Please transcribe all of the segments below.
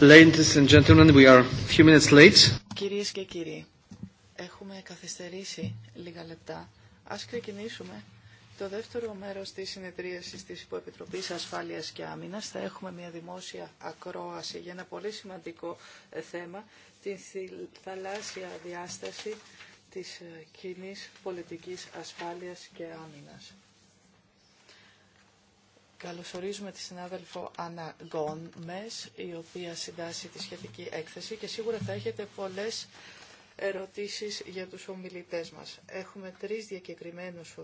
Ladies and gentlemen, we are few Κυρίες και κύριοι, έχουμε καθυστερήσει λίγα λεπτά. Ας ξεκινήσουμε το δεύτερο μέρος της συνεδρίασης της Υποεπιτροπής Ασφάλειας και Άμυνας. Θα έχουμε μια δημόσια ακρόαση για ένα πολύ σημαντικό ε, θέμα, την θαλάσσια διάσταση της ε, κοινή πολιτικής ασφάλειας και άμυνας. Καλωσορίζουμε τη συνάδελφο Ανά Γκόνμες, η οποία συντάσσει τη σχετική έκθεση και σίγουρα θα έχετε πολλές ερωτήσεις για τους ομιλητές μας. Έχουμε τρεις διακεκριμένους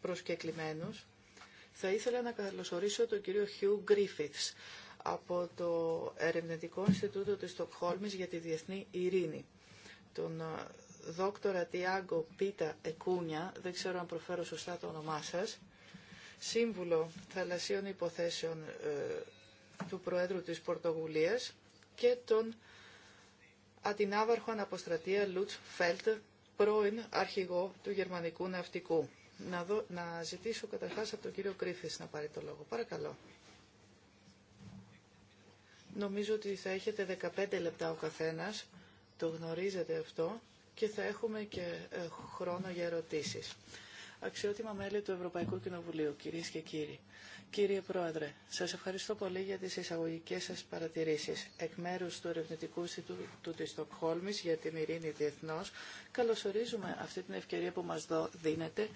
προσκεκλημένους. Θα ήθελα να καλωσορίσω τον κύριο Χιού Γκρίφιθς από το Ερευνητικό Ινστιτούτο της Στοκχόλμης για τη Διεθνή Ειρήνη, τον ε, δόκτορα Τιάγκο Πίτα Εκούνια, δεν ξέρω αν προφέρω σωστά το όνομά σας, σύμβουλο θαλασσίων υποθέσεων ε, του Προέδρου της Πορτογουλίας και τον αντινάβαρχο αναποστρατεία Λουτς Φέλτ, πρώην αρχηγό του Γερμανικού Ναυτικού. Να, να ζητήσω καταρχάς από τον κύριο Κρίφης να πάρει το λόγο. Παρακαλώ. Νομίζω ότι θα έχετε 15 λεπτά ο καθένας. Το γνωρίζετε αυτό και θα έχουμε και ε, χρόνο για ερωτήσεις. Αξιότιμα μέλη του Ευρωπαϊκού Κοινοβουλίου, κυρίες και κύριοι. Κύριε Πρόεδρε, σας ευχαριστώ πολύ για τις εισαγωγικές σας παρατηρήσεις. Εκ μέρους του Ερευνητικού Ινστιτούτου της Στοκχόλμης για την Ειρήνη Διεθνώς, καλωσορίζουμε αυτή την ευκαιρία που μας δίνεται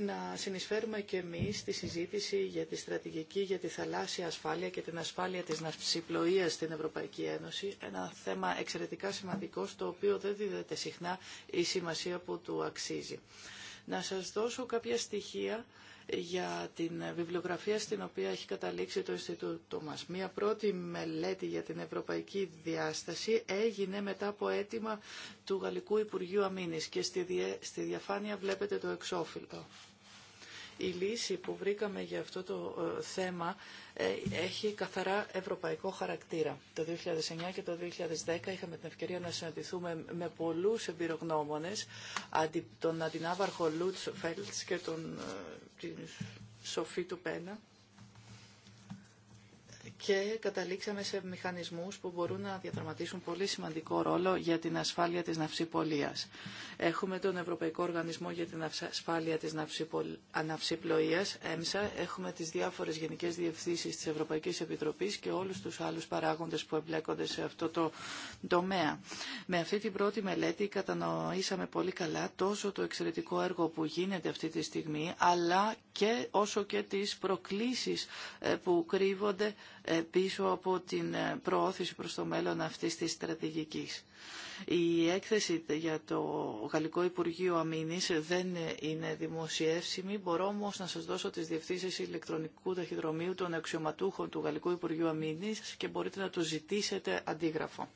να συνεισφέρουμε και εμείς στη συζήτηση για τη στρατηγική για τη θαλάσσια ασφάλεια και την ασφάλεια της ναυσιπλοείας στην Ευρωπαϊκή Ένωση. Ένα θέμα εξαιρετικά σημαντικό στο οποίο δεν δίδεται συχνά η σημασία που του αξίζει. Να σας δώσω κάποια στοιχεία για την βιβλιογραφία στην οποία έχει καταλήξει το Ινστιτούτο μας. Μία πρώτη μελέτη για την ευρωπαϊκή διάσταση έγινε μετά από αίτημα του Γαλλικού Υπουργείου Αμήνης και στη, διαφάνεια βλέπετε το εξώφυλλο η λύση που βρήκαμε για αυτό το ε, θέμα ε, έχει καθαρά ευρωπαϊκό χαρακτήρα. Το 2009 και το 2010 είχαμε την ευκαιρία να συναντηθούμε με πολλούς εμπειρογνώμονες, τον αντινάβαρχο Λούτς Φέλτς και τον, ε, την Σοφή του Πένα, και καταλήξαμε σε μηχανισμούς που μπορούν να διαδραματίσουν πολύ σημαντικό ρόλο για την ασφάλεια της ναυσιπολίας. Έχουμε τον Ευρωπαϊκό Οργανισμό για την Ασφάλεια της Ναυσιπλοείας, ΕΜΣΑ, έχουμε τις διάφορες γενικές διευθύνσεις της Ευρωπαϊκής Επιτροπής και όλους τους άλλους παράγοντες που εμπλέκονται σε αυτό το τομέα. Με αυτή την πρώτη μελέτη κατανοήσαμε πολύ καλά τόσο το εξαιρετικό έργο που γίνεται αυτή τη στιγμή, αλλά και όσο και τις προκλήσεις ε, που κρύβονται πίσω από την ε, προώθηση προς το μέλλον αυτής της στρατηγικής. Η έκθεση για το Γαλλικό Υπουργείο Αμήνης δεν είναι δημοσιεύσιμη. Μπορώ όμως να σας δώσω τις διευθύνσεις ηλεκτρονικού ταχυδρομείου των αξιωματούχων του Γαλλικού Υπουργείου Αμήνης και μπορείτε να το ζητήσετε αντίγραφο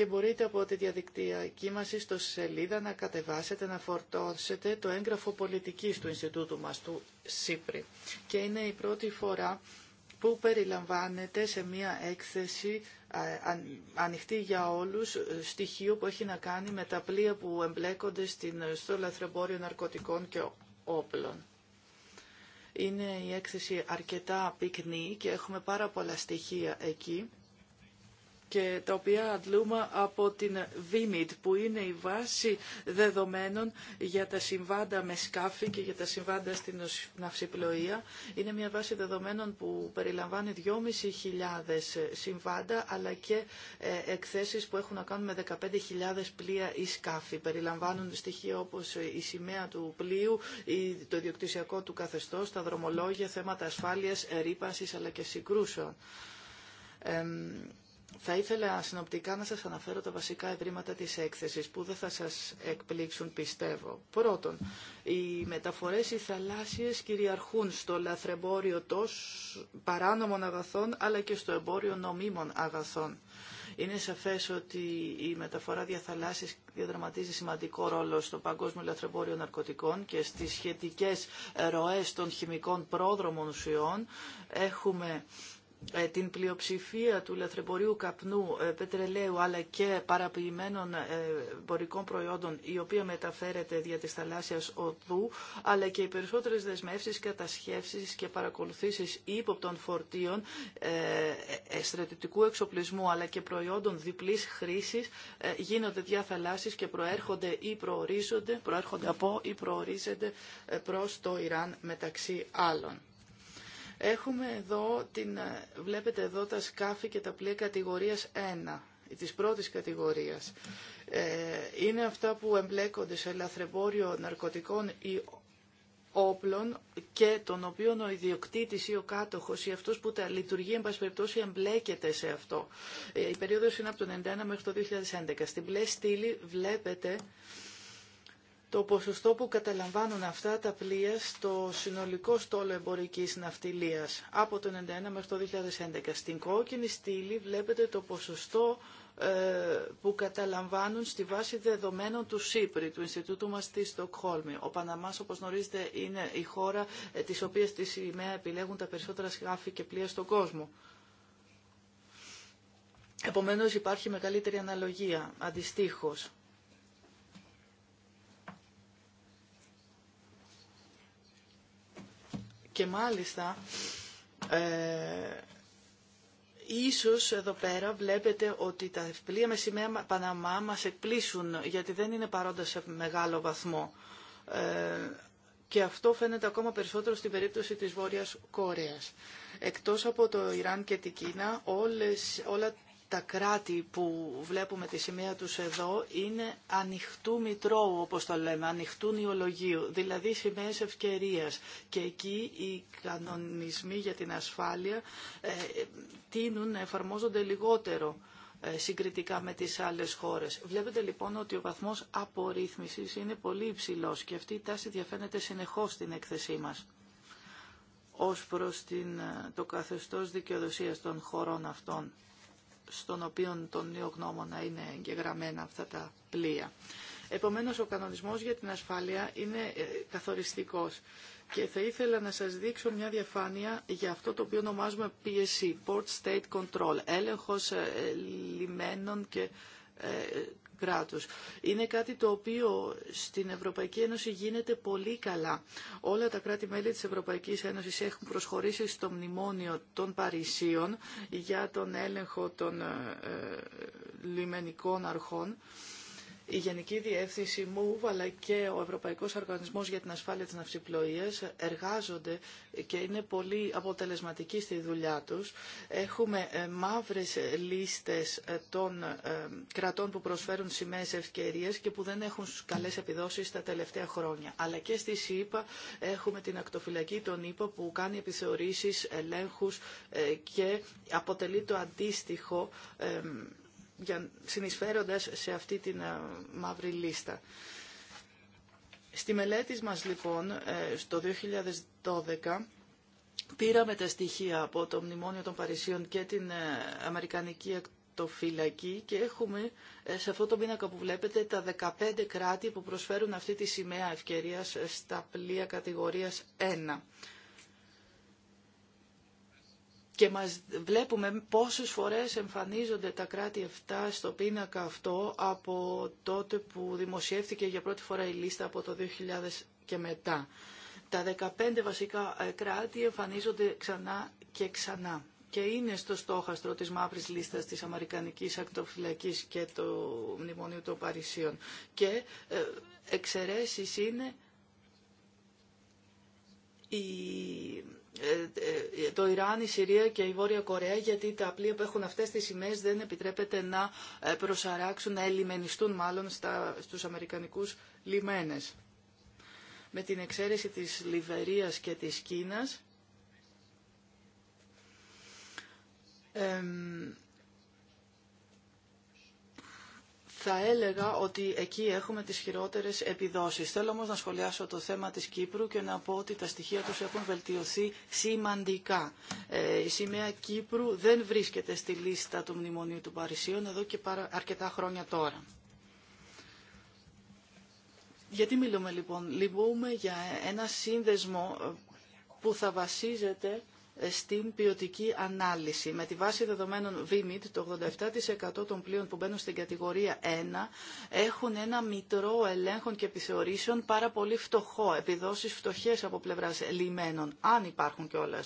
και μπορείτε από τη διαδικτυακή μας ιστοσελίδα να κατεβάσετε, να φορτώσετε το έγγραφο πολιτικής του Ινστιτούτου μας, του ΣΥΠΡΙ. Και είναι η πρώτη φορά που περιλαμβάνεται σε μία έκθεση ανοιχτή για όλους στοιχείο που έχει να κάνει με τα πλοία που εμπλέκονται στην, στο λαθρεμπόριο ναρκωτικών και όπλων. Είναι η έκθεση αρκετά πυκνή και έχουμε πάρα πολλά στοιχεία εκεί και τα οποία αντλούμε από την VIMIT που είναι η βάση δεδομένων για τα συμβάντα με σκάφη και για τα συμβάντα στην ναυσιπλοεία. Είναι μια βάση δεδομένων που περιλαμβάνει 2.500 συμβάντα αλλά και ε, εκθέσεις που έχουν να κάνουν με 15.000 πλοία ή σκάφη. Περιλαμβάνουν στοιχεία όπως η σημαία του πλοίου, το ιδιοκτησιακό του καθεστώς, τα δρομολόγια, θέματα ασφάλειας, ρήπανσης αλλά και συγκρούσεων. Θα ήθελα συνοπτικά να σας αναφέρω τα βασικά ευρήματα της έκθεσης που δεν θα σας εκπλήξουν πιστεύω. Πρώτον, οι μεταφορές οι θαλάσσιες κυριαρχούν στο λαθρεμπόριο τόσο παράνομων αγαθών αλλά και στο εμπόριο νομίμων αγαθών. Είναι σαφές ότι η μεταφορά διαθαλάσσης διαδραματίζει σημαντικό ρόλο στο παγκόσμιο λαθρεμπόριο ναρκωτικών και στις σχετικές ροές των χημικών πρόδρομων ουσιών. Έχουμε ε, την πλειοψηφία του λαθρεμπορίου καπνού, ε, πετρελαίου αλλά και παραποιημένων ε, εμπορικών προϊόντων η οποία μεταφέρεται δια της θαλάσσιας οδού αλλά και οι περισσότερες δεσμεύσεις, κατασχεύσεις και παρακολουθήσεις ύποπτων φορτίων στρατητικού εξοπλισμού αλλά και προϊόντων διπλής χρήσης γίνονται δια θαλάσσης και προέρχονται ή προορίζονται, προέρχονται από ή προορίζονται προς το Ιράν μεταξύ άλλων. Έχουμε εδώ, την, ε, βλέπετε εδώ τα σκάφη και τα πλοία κατηγορίας 1 ε, της πρώτης κατηγορίας. Ε, είναι αυτά που εμπλέκονται σε λαθρεμπόριο ναρκωτικών ή όπλων και τον οποίων ο ιδιοκτήτης ή ο κάτοχος ή αυτός που τα λειτουργεί εν πάση περιπτώσει εμπλέκεται σε αυτό. Η περίοδος είναι από το 1991 μέχρι το 2011. Στην μπλε στήλη βλέπετε το ποσοστό που καταλαμβάνουν αυτά τα πλοία στο συνολικό στόλο εμπορικής ναυτιλίας από το 1991 μέχρι το 2011. Στην κόκκινη στήλη βλέπετε το ποσοστό ε, που καταλαμβάνουν στη βάση δεδομένων του ΣΥΠΡΙ, του Ινστιτούτου μας στη Στοκχόλμη. Ο Παναμάς, όπως γνωρίζετε, είναι η χώρα ε, της οποίας τη σημαία επιλέγουν τα περισσότερα σκάφη και πλοία στον κόσμο. Επομένως υπάρχει μεγαλύτερη αναλογία, αντιστοίχως. Και μάλιστα, ε, ίσως εδώ πέρα βλέπετε ότι τα πλοία με σημαία Παναμά μας εκπλήσουν, γιατί δεν είναι παρόντα σε μεγάλο βαθμό. Ε, και αυτό φαίνεται ακόμα περισσότερο στην περίπτωση της Βόρειας Κορέας. Εκτός από το Ιράν και την Κίνα, όλες, όλα τα κράτη που βλέπουμε τη σημαία τους εδώ είναι ανοιχτού μητρώου, όπως το λέμε, ανοιχτού νιολογίου, δηλαδή σημαίες ευκαιρίας. Και εκεί οι κανονισμοί για την ασφάλεια ε, τείνουν να εφαρμόζονται λιγότερο ε, συγκριτικά με τις άλλες χώρες. Βλέπετε λοιπόν ότι ο βαθμός απορρίθμησης είναι πολύ υψηλός και αυτή η τάση διαφαίνεται συνεχώς στην έκθεσή μας ως προς την, ε, το καθεστώς δικαιοδοσίας των χωρών αυτών στον οποίο τον να είναι εγγεγραμμένα αυτά τα πλοία. Επομένως, ο κανονισμός για την ασφάλεια είναι ε, καθοριστικός. Και θα ήθελα να σας δείξω μια διαφάνεια για αυτό το οποίο ονομάζουμε PSC, Port State Control, έλεγχος ε, ε, λιμένων και είναι κάτι το οποίο στην Ευρωπαϊκή Ένωση γίνεται πολύ καλά. Όλα τα κράτη-μέλη της Ευρωπαϊκής Ένωσης έχουν προσχωρήσει στο μνημόνιο των Παρισίων για τον έλεγχο των ε, ε, λιμενικών αρχών η Γενική Διεύθυνση ΜΟΥΒ αλλά και ο Ευρωπαϊκός Οργανισμός για την Ασφάλεια της Ναυσιπλοείας εργάζονται και είναι πολύ αποτελεσματικοί στη δουλειά τους. Έχουμε ε, μαύρες ε, λίστες ε, των κρατών που προσφέρουν σημαίες ευκαιρίες και που δεν έχουν καλές επιδόσεις τα τελευταία χρόνια. Αλλά και στη ΣΥΠΑ έχουμε την ακτοφυλακή των ΗΠΑ που κάνει επιθεωρήσεις, ελέγχους και αποτελεί το αντίστοιχο για, συνεισφέροντας σε αυτή την ε, μαύρη λίστα. Στη μελέτη μας λοιπόν ε, στο 2012 πήραμε τα στοιχεία από το Μνημόνιο των Παρισίων και την ε, Αμερικανική εκτοφυλακή και έχουμε σε αυτό το μήνακα που βλέπετε τα 15 κράτη που προσφέρουν αυτή τη σημαία ευκαιρίας στα πλοία κατηγορίας 1 και μας βλέπουμε πόσες φορές εμφανίζονται τα κράτη 7 στο πίνακα αυτό από τότε που δημοσιεύτηκε για πρώτη φορά η λίστα από το 2000 και μετά. Τα 15 βασικά ε, κράτη εμφανίζονται ξανά και ξανά και είναι στο στόχαστρο της μαύρης λίστας της Αμερικανικής Ακτοφυλακής και του Μνημονίου των Παρισίων. Και ε, εξαιρέσεις είναι το Ιράν, η Συρία και η Βόρεια Κορέα γιατί τα πλοία που έχουν αυτές τις σημαίες δεν επιτρέπεται να ε, προσαράξουν, να ελιμενιστούν μάλλον στα, στους Αμερικανικούς λιμένες. Με την εξαίρεση της Λιβερίας και της Κίνας, θα έλεγα ότι εκεί έχουμε τις χειρότερες επιδόσεις. Θέλω όμως να σχολιάσω το θέμα της Κύπρου και να πω ότι τα στοιχεία τους έχουν βελτιωθεί σημαντικά. Ε, η σημαία Κύπρου δεν βρίσκεται στη λίστα του Μνημονίου του Παρισίων εδώ και αρκετά χρόνια τώρα. Γιατί μιλούμε λοιπόν. Λυπούμε για ένα σύνδεσμο ε, που θα βασίζεται στην ποιοτική ανάλυση. Με τη βάση δεδομένων VMIT, το 87% των πλοίων που μπαίνουν στην κατηγορία 1 έχουν ένα μητρό ελέγχων και επιθεωρήσεων πάρα πολύ φτωχό, επιδόσεις φτωχές από πλευράς λιμένων, αν υπάρχουν κιόλα.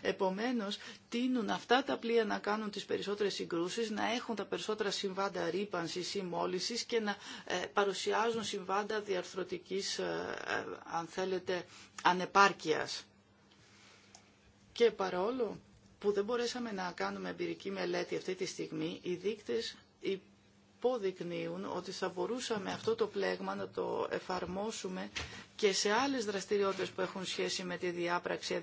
Επομένως, τίνουν αυτά τα πλοία να κάνουν τις περισσότερες συγκρούσεις, να έχουν τα περισσότερα συμβάντα ρήπανσης ή μόλυσης και να ε, παρουσιάζουν συμβάντα διαρθρωτικής, ε, ε, αν θέλετε, ανεπάρκειας. Και παρόλο που δεν μπορέσαμε να κάνουμε εμπειρική μελέτη αυτή τη στιγμή, οι δείκτες υποδεικνύουν ότι θα μπορούσαμε αυτό το πλέγμα να το εφαρμόσουμε και σε άλλες δραστηριότητες που έχουν σχέση με τη διάπραξη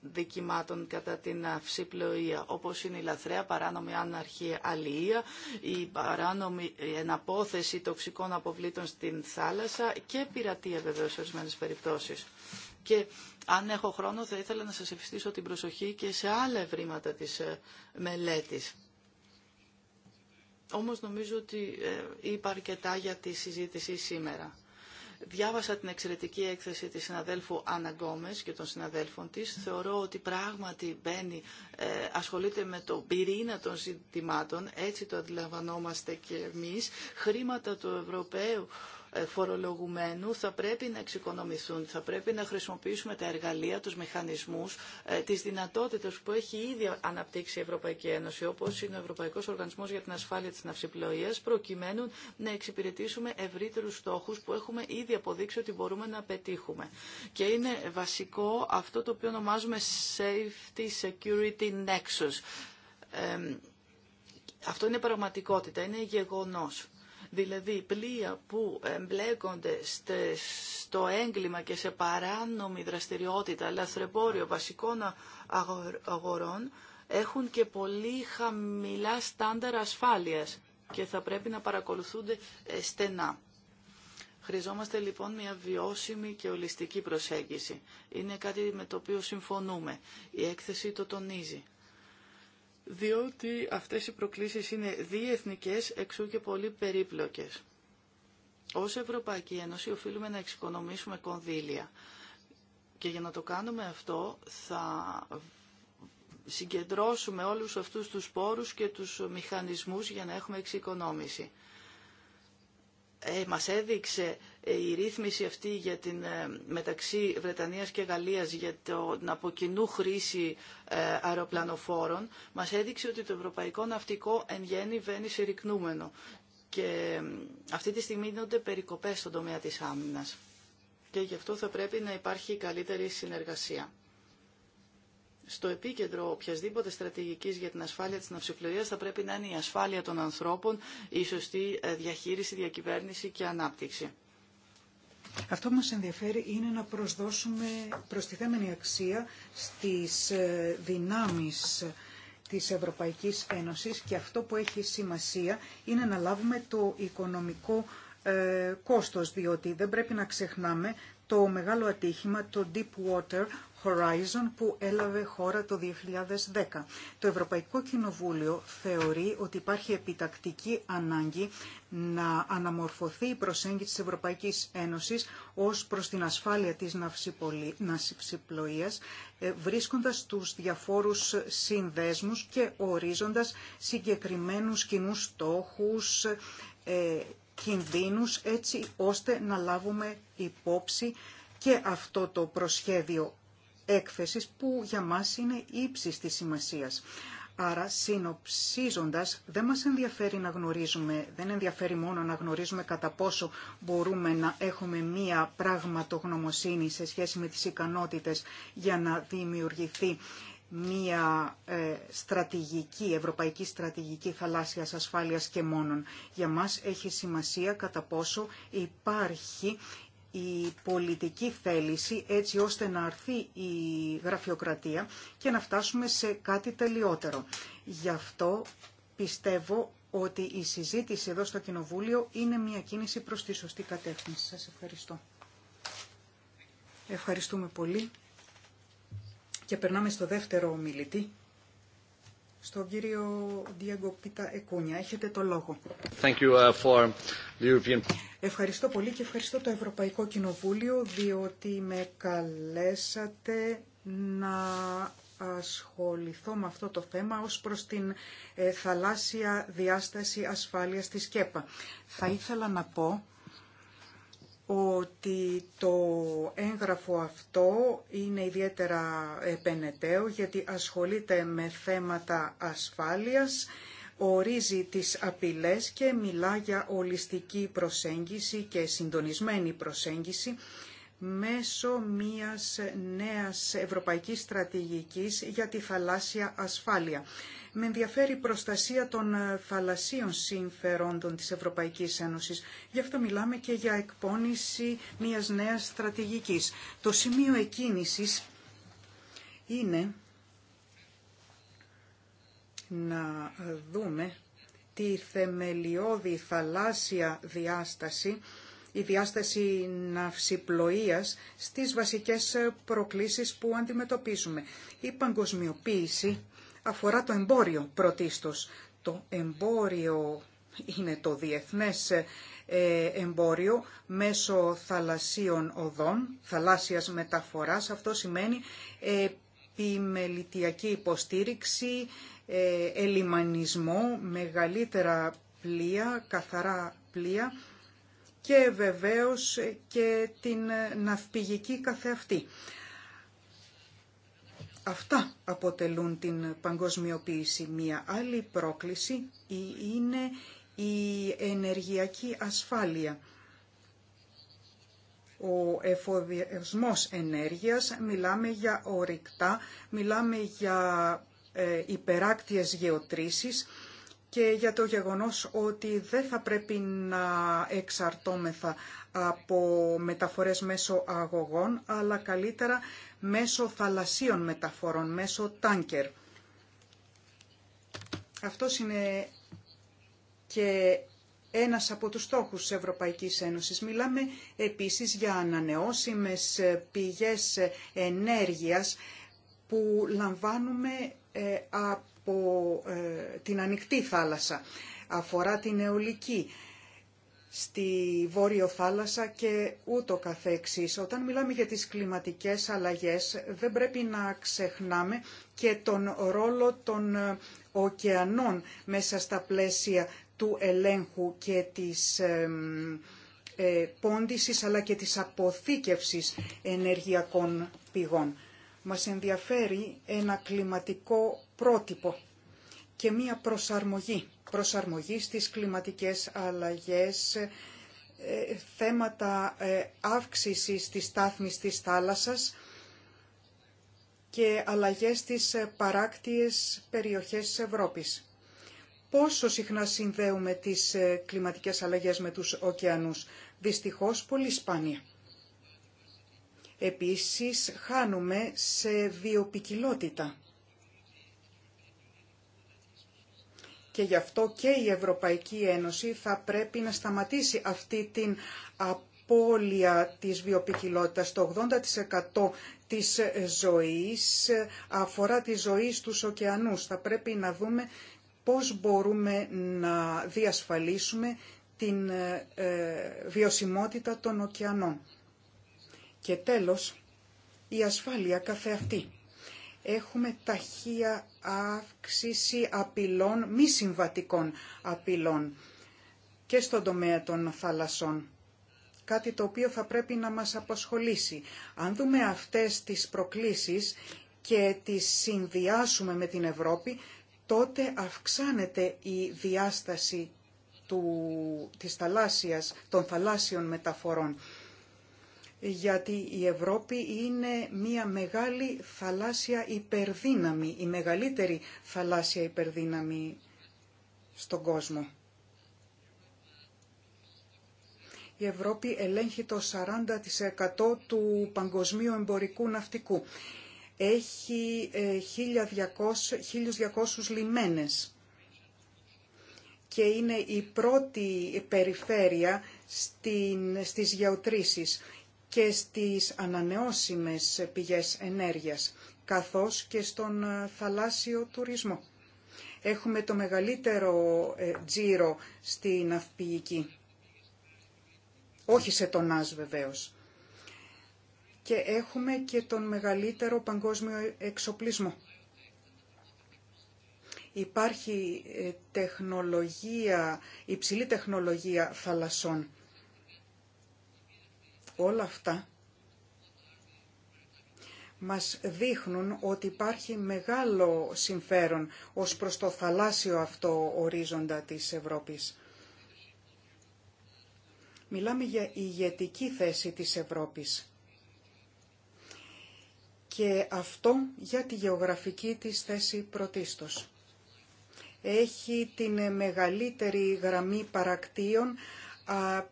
δικημάτων κατά την αυσιπλοεία, όπως είναι η λαθρέα παράνομη αναρχή αλληλεία, η παράνομη εναπόθεση τοξικών αποβλήτων στην θάλασσα και πειρατεία βεβαίως σε ορισμένες περιπτώσεις. Και αν έχω χρόνο θα ήθελα να σας ευχηθήσω την προσοχή και σε άλλα ευρήματα της ε, μελέτης. Όμως νομίζω ότι ε, είπα αρκετά για τη συζήτηση σήμερα. Διάβασα την εξαιρετική έκθεση της συναδέλφου Άννα Γκόμες και των συναδέλφων της. Θεωρώ ότι πράγματι μπαίνει, ε, ασχολείται με το πυρήνα των ζητημάτων, έτσι το αντιλαμβανόμαστε και εμείς, χρήματα του Ευρωπαίου φορολογουμένου θα πρέπει να εξοικονομηθούν, θα πρέπει να χρησιμοποιήσουμε τα εργαλεία, τους μηχανισμούς, ε, τις δυνατότητες που έχει ήδη αναπτύξει η Ευρωπαϊκή Ένωση, όπως είναι ο Ευρωπαϊκός Οργανισμός για την Ασφάλεια της Ναυσιπλοείας, προκειμένου να εξυπηρετήσουμε ευρύτερους στόχους που έχουμε ήδη αποδείξει ότι μπορούμε να πετύχουμε. Και είναι βασικό αυτό το οποίο ονομάζουμε Safety Security Nexus. Ε, αυτό είναι πραγματικότητα, είναι γεγονός δηλαδή πλοία που εμπλέκονται στο έγκλημα και σε παράνομη δραστηριότητα, λαθρεμπόριο βασικών αγορών, έχουν και πολύ χαμηλά στάνταρ ασφάλειας και θα πρέπει να παρακολουθούνται ε, στενά. Χρειαζόμαστε λοιπόν μια βιώσιμη και ολιστική προσέγγιση. Είναι κάτι με το οποίο συμφωνούμε. Η έκθεση το τονίζει διότι αυτές οι προκλήσεις είναι διεθνικές, εξού και πολύ περίπλοκες. Ως Ευρωπαϊκή Ένωση οφείλουμε να εξοικονομήσουμε κονδύλια και για να το κάνουμε αυτό θα συγκεντρώσουμε όλους αυτούς τους πόρους και τους μηχανισμούς για να έχουμε εξοικονόμηση. Ε, μας έδειξε ε, η ρύθμιση αυτή για την, ε, μεταξύ Βρετανίας και Γαλλίας για την αποκοινού χρήση αεροπλανοφόρων μας έδειξε ότι το ευρωπαϊκό ναυτικό εν γέννη βαίνει συρρυκνούμενο. και αυτή τη στιγμή γίνονται περικοπές στον τομέα της άμυνας και γι' αυτό θα πρέπει να υπάρχει καλύτερη συνεργασία στο επίκεντρο οποιασδήποτε στρατηγικής για την ασφάλεια της ναυσιπλοείας θα πρέπει να είναι η ασφάλεια των ανθρώπων, η σωστή ε, διαχείριση, διακυβέρνηση και ανάπτυξη. Αυτό που μας ενδιαφέρει είναι να προσδώσουμε προστιθέμενη αξία στις ε, δυνάμεις της Ευρωπαϊκής Ένωσης και αυτό που έχει σημασία είναι να λάβουμε το οικονομικό ε, κόστος, διότι δεν πρέπει να ξεχνάμε το μεγάλο ατύχημα, το Deep Water, Horizon που έλαβε χώρα το 2010. Το Ευρωπαϊκό Κοινοβούλιο θεωρεί ότι υπάρχει επιτακτική ανάγκη να αναμορφωθεί η προσέγγιση της Ευρωπαϊκής Ένωσης ως προς την ασφάλεια της ναυσιπλοείας, ε, βρίσκοντας τους διαφόρους συνδέσμους και ορίζοντας συγκεκριμένους κοινού στόχους, ε, κινδύνους έτσι ώστε να λάβουμε υπόψη και αυτό το προσχέδιο έκθεσης που για μας είναι ύψης της σημασίας. Άρα, συνοψίζοντας, δεν μας ενδιαφέρει να γνωρίζουμε, δεν ενδιαφέρει μόνο να γνωρίζουμε κατά πόσο μπορούμε να έχουμε μία πραγματογνωμοσύνη σε σχέση με τις ικανότητες για να δημιουργηθεί μία ε, στρατηγική, ευρωπαϊκή στρατηγική θαλάσσιας ασφάλειας και μόνον. Για μας έχει σημασία κατά πόσο υπάρχει η πολιτική θέληση έτσι ώστε να αρθεί η γραφειοκρατία και να φτάσουμε σε κάτι τελειότερο. Γι' αυτό πιστεύω ότι η συζήτηση εδώ στο Κοινοβούλιο είναι μια κίνηση προς τη σωστή κατεύθυνση. Σας ευχαριστώ. Ευχαριστούμε πολύ. Και περνάμε στο δεύτερο ομιλητή, στον κύριο Διέγκο Εκούνια. Έχετε το λόγο. Thank you uh, for Ευχαριστώ πολύ και ευχαριστώ το Ευρωπαϊκό Κοινοβούλιο διότι με καλέσατε να ασχοληθώ με αυτό το θέμα ως προς την ε, θαλάσσια διάσταση ασφάλειας της ΚΕΠΑ. Θα ήθελα να πω ότι το έγγραφο αυτό είναι ιδιαίτερα επενεταίο γιατί ασχολείται με θέματα ασφάλειας, ορίζει τις απειλές και μιλά για ολιστική προσέγγιση και συντονισμένη προσέγγιση μέσω μιας νέας ευρωπαϊκής στρατηγικής για τη θαλάσσια ασφάλεια με ενδιαφέρει η προστασία των ε, θαλασσίων συμφερόντων της Ευρωπαϊκής Ένωσης. Γι' αυτό μιλάμε και για εκπόνηση μιας νέας στρατηγικής. Το σημείο εκκίνησης είναι να ε, δούμε τη θεμελιώδη θαλάσσια διάσταση η διάσταση ναυσιπλοείας στις βασικές ε, προκλήσεις που αντιμετωπίζουμε. Η παγκοσμιοποίηση αφορά το εμπόριο πρωτίστως. Το εμπόριο είναι το διεθνές ε, εμπόριο μέσω θαλασσίων οδών, θαλάσσιας μεταφοράς. Αυτό σημαίνει επιμελητιακή υποστήριξη, ε, ελιμανισμό, μεγαλύτερα πλοία, καθαρά πλοία και βεβαίως και την ε, ναυπηγική καθεαυτή. Αυτά αποτελούν την παγκοσμιοποίηση. Μία άλλη πρόκληση είναι η ενεργειακή ασφάλεια. Ο εφοδιασμός ενέργειας, μιλάμε για ορυκτά, μιλάμε για ε, υπεράκτιες γεωτρήσεις και για το γεγονός ότι δεν θα πρέπει να εξαρτώμεθα από μεταφορές μέσω αγωγών, αλλά καλύτερα μέσω θαλασσίων μεταφορών, μέσω τάνκερ. Αυτό είναι και ένας από τους στόχους της Ευρωπαϊκής Ένωσης. Μιλάμε επίσης για ανανεώσιμες πηγές ενέργειας που λαμβάνουμε ε, από ε, την ανοιχτή θάλασσα. Αφορά την αιωλική, στη Βόρειο Θάλασσα και ούτω καθεξής. Όταν μιλάμε για τις κλιματικές αλλαγές δεν πρέπει να ξεχνάμε και τον ρόλο των ε, ωκεανών μέσα στα πλαίσια του ελέγχου και της ε, πόντισης αλλά και της αποθήκευσης ενεργειακών πηγών. Μας ενδιαφέρει ένα κλιματικό πρότυπο και μία προσαρμογή, προσαρμογή στις κλιματικές αλλαγές, ε, θέματα ε, αύξησης της στάθμης της θάλασσας και αλλαγές στις ε, παράκτιες περιοχές της Ευρώπης. Πόσο συχνά συνδέουμε τις κλιματικές αλλαγές με τους ωκεανούς. Δυστυχώς πολύ σπάνια. Επίσης χάνουμε σε βιοπικιλότητα Και γι' αυτό και η Ευρωπαϊκή Ένωση θα πρέπει να σταματήσει αυτή την απώλεια της βιοπικιλότητας. Το 80% της ζωής αφορά τη ζωή στους ωκεανούς. Θα πρέπει να δούμε πώς μπορούμε να διασφαλίσουμε την ε, βιωσιμότητα των ωκεανών. Και τέλος, η ασφάλεια καθεαυτή. Έχουμε ταχεία αύξηση απειλών, μη συμβατικών απειλών και στον τομέα των θαλασσών. Κάτι το οποίο θα πρέπει να μας απασχολήσει. Αν δούμε αυτές τις προκλήσεις και τις συνδυάσουμε με την Ευρώπη, τότε αυξάνεται η διάσταση του, της θαλάσσιας, των θαλάσσιων μεταφορών γιατί η Ευρώπη είναι μια μεγάλη θαλάσσια υπερδύναμη, η μεγαλύτερη θαλάσσια υπερδύναμη στον κόσμο. Η Ευρώπη ελέγχει το 40% του παγκοσμίου εμπορικού ναυτικού. Έχει 1.200, ε, 1.200 λιμένες και είναι η πρώτη περιφέρεια στην, στις γεωτρήσεις και στις ανανεώσιμες πηγές ενέργειας, καθώς και στον ε, θαλάσσιο τουρισμό. Έχουμε το μεγαλύτερο ε, τζίρο στη ναυπηγική. Όχι σε τον βεβαίως. Και έχουμε και τον μεγαλύτερο παγκόσμιο εξοπλισμό. Υπάρχει ε, τεχνολογία, υψηλή τεχνολογία θαλασσών Όλα αυτά μας δείχνουν ότι υπάρχει μεγάλο συμφέρον ως προς το θαλάσσιο αυτό ορίζοντα της Ευρώπης. Μιλάμε για ηγετική θέση της Ευρώπης και αυτό για τη γεωγραφική της θέση πρωτίστως. Έχει την μεγαλύτερη γραμμή παρακτήων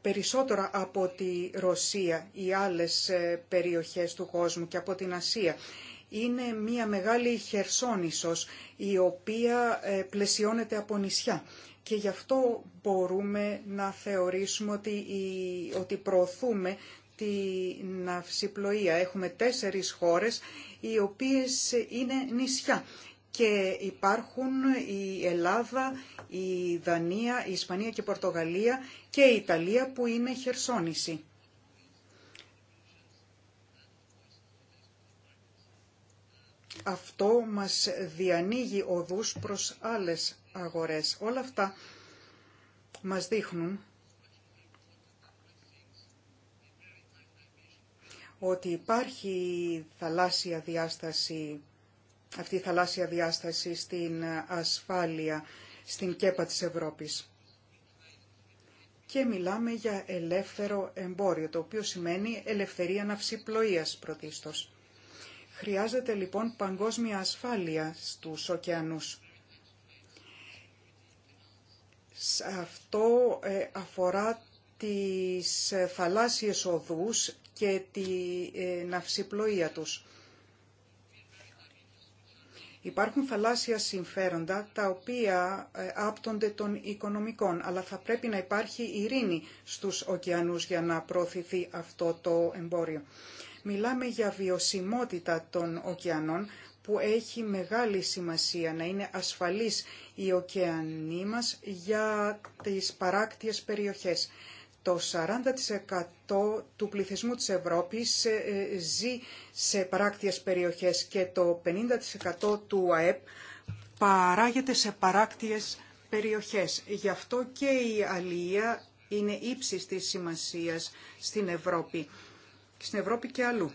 περισσότερο από τη Ρωσία ή άλλες ε, περιοχές του κόσμου και από την Ασία. Είναι μια μεγάλη χερσόνησος η οποία ε, πλαισιώνεται από νησιά και γι' αυτό μπορούμε να θεωρήσουμε ότι, ότι προωθούμε την αυσυπλοεία. Έχουμε τέσσερις χώρες οι οποίες είναι νησιά και υπάρχουν η Ελλάδα, η Δανία, η Ισπανία και η Πορτογαλία και η Ιταλία που είναι χερσόνηση. Αυτό μας διανοίγει οδούς προς άλλες αγορές. Όλα αυτά μας δείχνουν ότι υπάρχει θαλάσσια διάσταση, αυτή η θαλάσσια διάσταση στην ασφάλεια στην ΚΕΠΑ της Ευρώπης και μιλάμε για ελεύθερο εμπόριο, το οποίο σημαίνει ελευθερία ναυσιπλοείας πρωτίστως. Χρειάζεται λοιπόν παγκόσμια ασφάλεια στους ωκεανούς. Αυτό ε, αφορά τις ε, θαλάσσιες οδούς και τη ε, ναυσιπλοεία τους. Υπάρχουν θαλάσσια συμφέροντα τα οποία ε, άπτονται των οικονομικών, αλλά θα πρέπει να υπάρχει ειρήνη στους ωκεανούς για να προωθηθεί αυτό το εμπόριο. Μιλάμε για βιωσιμότητα των ωκεανών που έχει μεγάλη σημασία να είναι ασφαλής η ωκεανοί μας για τις παράκτιες περιοχές το 40% του πληθυσμού της Ευρώπης ε, ε, ζει σε παράκτιες περιοχές και το 50% του ΑΕΠ παράγεται σε παράκτιες περιοχές. Γι' αυτό και η αλληλεία είναι ύψης της σημασίας στην Ευρώπη, στην Ευρώπη και αλλού.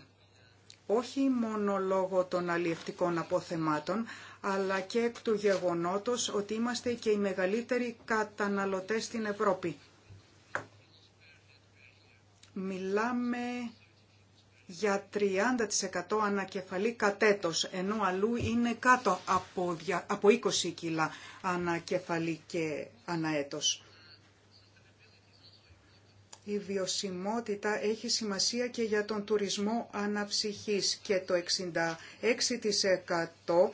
Όχι μόνο λόγω των αλλιευτικών αποθεμάτων, αλλά και εκ του γεγονότος ότι είμαστε και οι μεγαλύτεροι καταναλωτές στην Ευρώπη. Μιλάμε για 30% ανακεφαλή κατέτος, ενώ αλλού είναι κάτω από, 20 κιλά ανακεφαλή και αναέτος. Η βιωσιμότητα έχει σημασία και για τον τουρισμό αναψυχής και το 66%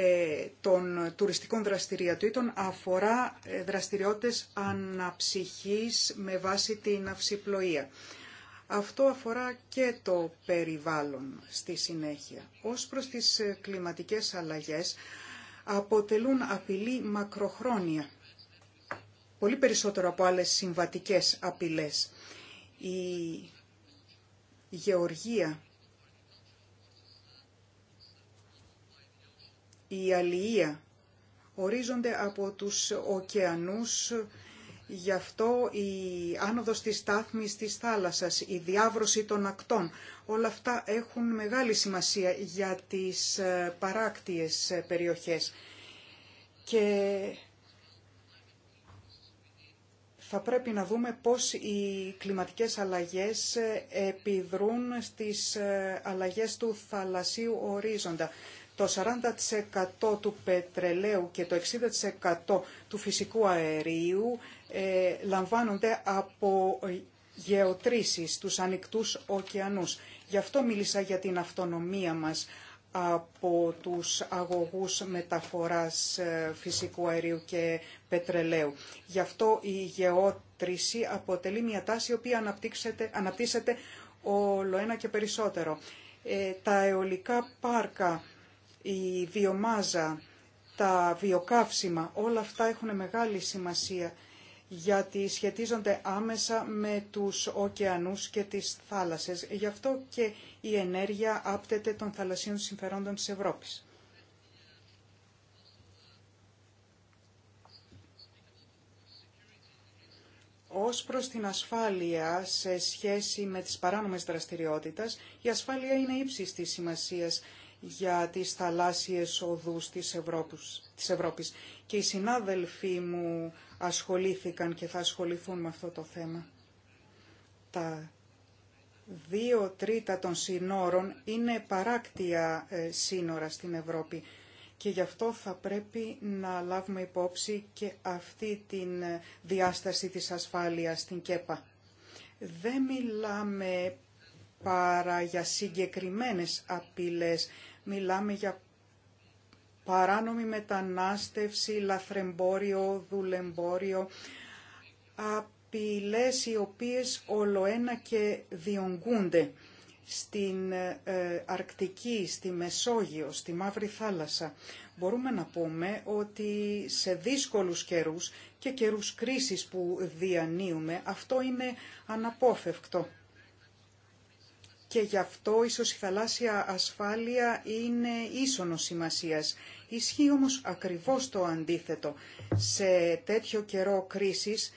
ε, των τουριστικών δραστηριοτήτων αφορά ε, δραστηριότητες αναψυχής με βάση την αυσιπλοεία. Αυτό αφορά και το περιβάλλον στη συνέχεια. Ως προς τις ε, κλιματικές αλλαγές αποτελούν απειλή μακροχρόνια, πολύ περισσότερο από άλλες συμβατικές απειλές. Η γεωργία η αλληλεία ορίζονται από τους ωκεανούς, γι' αυτό η άνοδος της στάθμης της θάλασσας, η διάβρωση των ακτών, όλα αυτά έχουν μεγάλη σημασία για τις ε, παράκτιες ε, περιοχές. Και θα πρέπει να δούμε πώς οι κλιματικές αλλαγές ε, επιδρούν στις αλλαγές του θαλασσίου ορίζοντα το 40% του πετρελαίου και το 60% του φυσικού αερίου ε, λαμβάνονται από ε, γεωτρήσεις τους ανοικτούς ωκεανούς. Γι' αυτό μίλησα για την αυτονομία μας από τους αγωγούς μεταφοράς ε, φυσικού αερίου και πετρελαίου. Γι' αυτό η γεώτρηση αποτελεί μια τάση η οποία αναπτύσσεται, όλο ένα και περισσότερο. τα αεολικά πάρκα η βιομάζα, τα βιοκαύσιμα, όλα αυτά έχουν μεγάλη σημασία γιατί σχετίζονται άμεσα με τους ωκεανούς και τις θάλασσες. Γι' αυτό και η ενέργεια άπτεται των θαλασσίων συμφερόντων της Ευρώπης. Ως προς την ασφάλεια σε σχέση με τις παράνομες δραστηριότητες, η ασφάλεια είναι ύψης της σημασίας για τις θαλάσσιες οδούς της Ευρώπης. Της Και οι συνάδελφοί μου ασχολήθηκαν και θα ασχοληθούν με αυτό το θέμα. Τα δύο τρίτα των συνόρων είναι παράκτια ε, σύνορα στην Ευρώπη και γι' αυτό θα πρέπει να λάβουμε υπόψη και αυτή την ε, διάσταση της ασφάλειας στην ΚΕΠΑ. Δεν μιλάμε παρά για συγκεκριμένες απειλές. Μιλάμε για παράνομη μετανάστευση, λαθρεμπόριο, δουλεμπόριο, απειλές οι οποίες ολοένα και διονγκούνται στην ε, Αρκτική, στη Μεσόγειο, στη Μαύρη Θάλασσα. Μπορούμε να πούμε ότι σε δύσκολους καιρούς και καιρούς κρίσης που διανύουμε, αυτό είναι αναπόφευκτο και γι' αυτό ίσως η θαλάσσια ασφάλεια είναι ίσονο σημασίας. Ισχύει όμως ακριβώς το αντίθετο. Σε τέτοιο καιρό κρίσης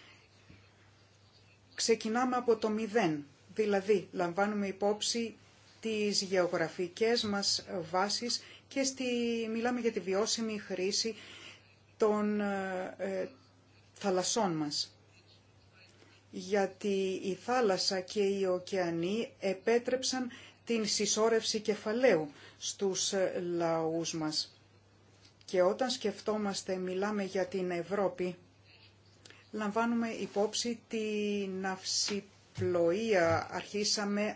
ξεκινάμε από το μηδέν, δηλαδή λαμβάνουμε υπόψη τις γεωγραφικές μας βάσεις και στη, μιλάμε για τη βιώσιμη χρήση των ε, ε, θαλασσών μας γιατί η θάλασσα και οι ωκεανοί επέτρεψαν την συσσόρευση κεφαλαίου στους λαούς μας. Και όταν σκεφτόμαστε, μιλάμε για την Ευρώπη, λαμβάνουμε υπόψη την αυσιπλοεία. Αρχίσαμε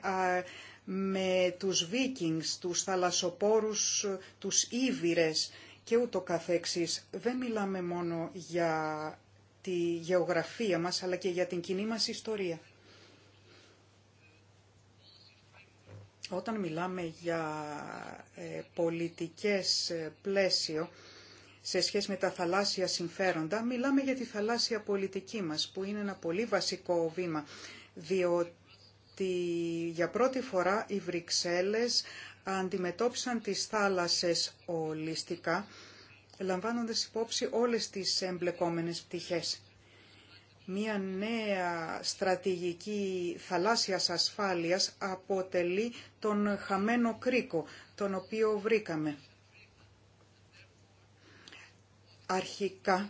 με τους Βίκινγκς, τους θαλασσοπόρους, τους Ήβυρες και ούτω καθεξής. Δεν μιλάμε μόνο για τη γεωγραφία μας, αλλά και για την κοινή μας ιστορία. Όταν μιλάμε για ε, πολιτικές ε, πλαίσιο σε σχέση με τα θαλάσσια συμφέροντα, μιλάμε για τη θαλάσσια πολιτική μας, που είναι ένα πολύ βασικό βήμα, διότι για πρώτη φορά οι Βρυξέλλες αντιμετώπισαν τις θάλασσες ολιστικά λαμβάνοντας υπόψη όλες τις εμπλεκόμενες πτυχές. Μία νέα στρατηγική θαλάσσιας ασφάλειας αποτελεί τον χαμένο κρίκο, τον οποίο βρήκαμε. Αρχικά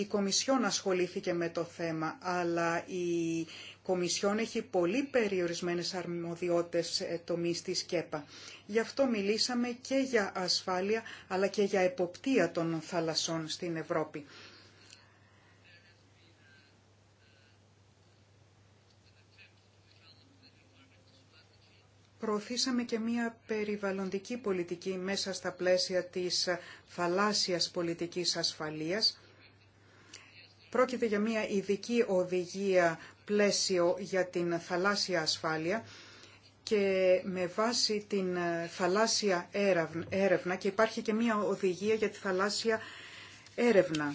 η Κομισιόν ασχολήθηκε με το θέμα, αλλά η Κομισιόν έχει πολύ περιορισμένες αρμοδιότητες τομείς της ΚΕΠΑ. Γι' αυτό μιλήσαμε και για ασφάλεια, αλλά και για εποπτεία των θαλασσών στην Ευρώπη. προωθήσαμε και μία περιβαλλοντική πολιτική μέσα στα πλαίσια της θαλάσσιας πολιτικής ασφαλείας Πρόκειται για μια ειδική οδηγία πλαίσιο για την θαλάσσια ασφάλεια και με βάση την ε, θαλάσσια έρευνα και υπάρχει και μια οδηγία για τη θαλάσσια έρευνα.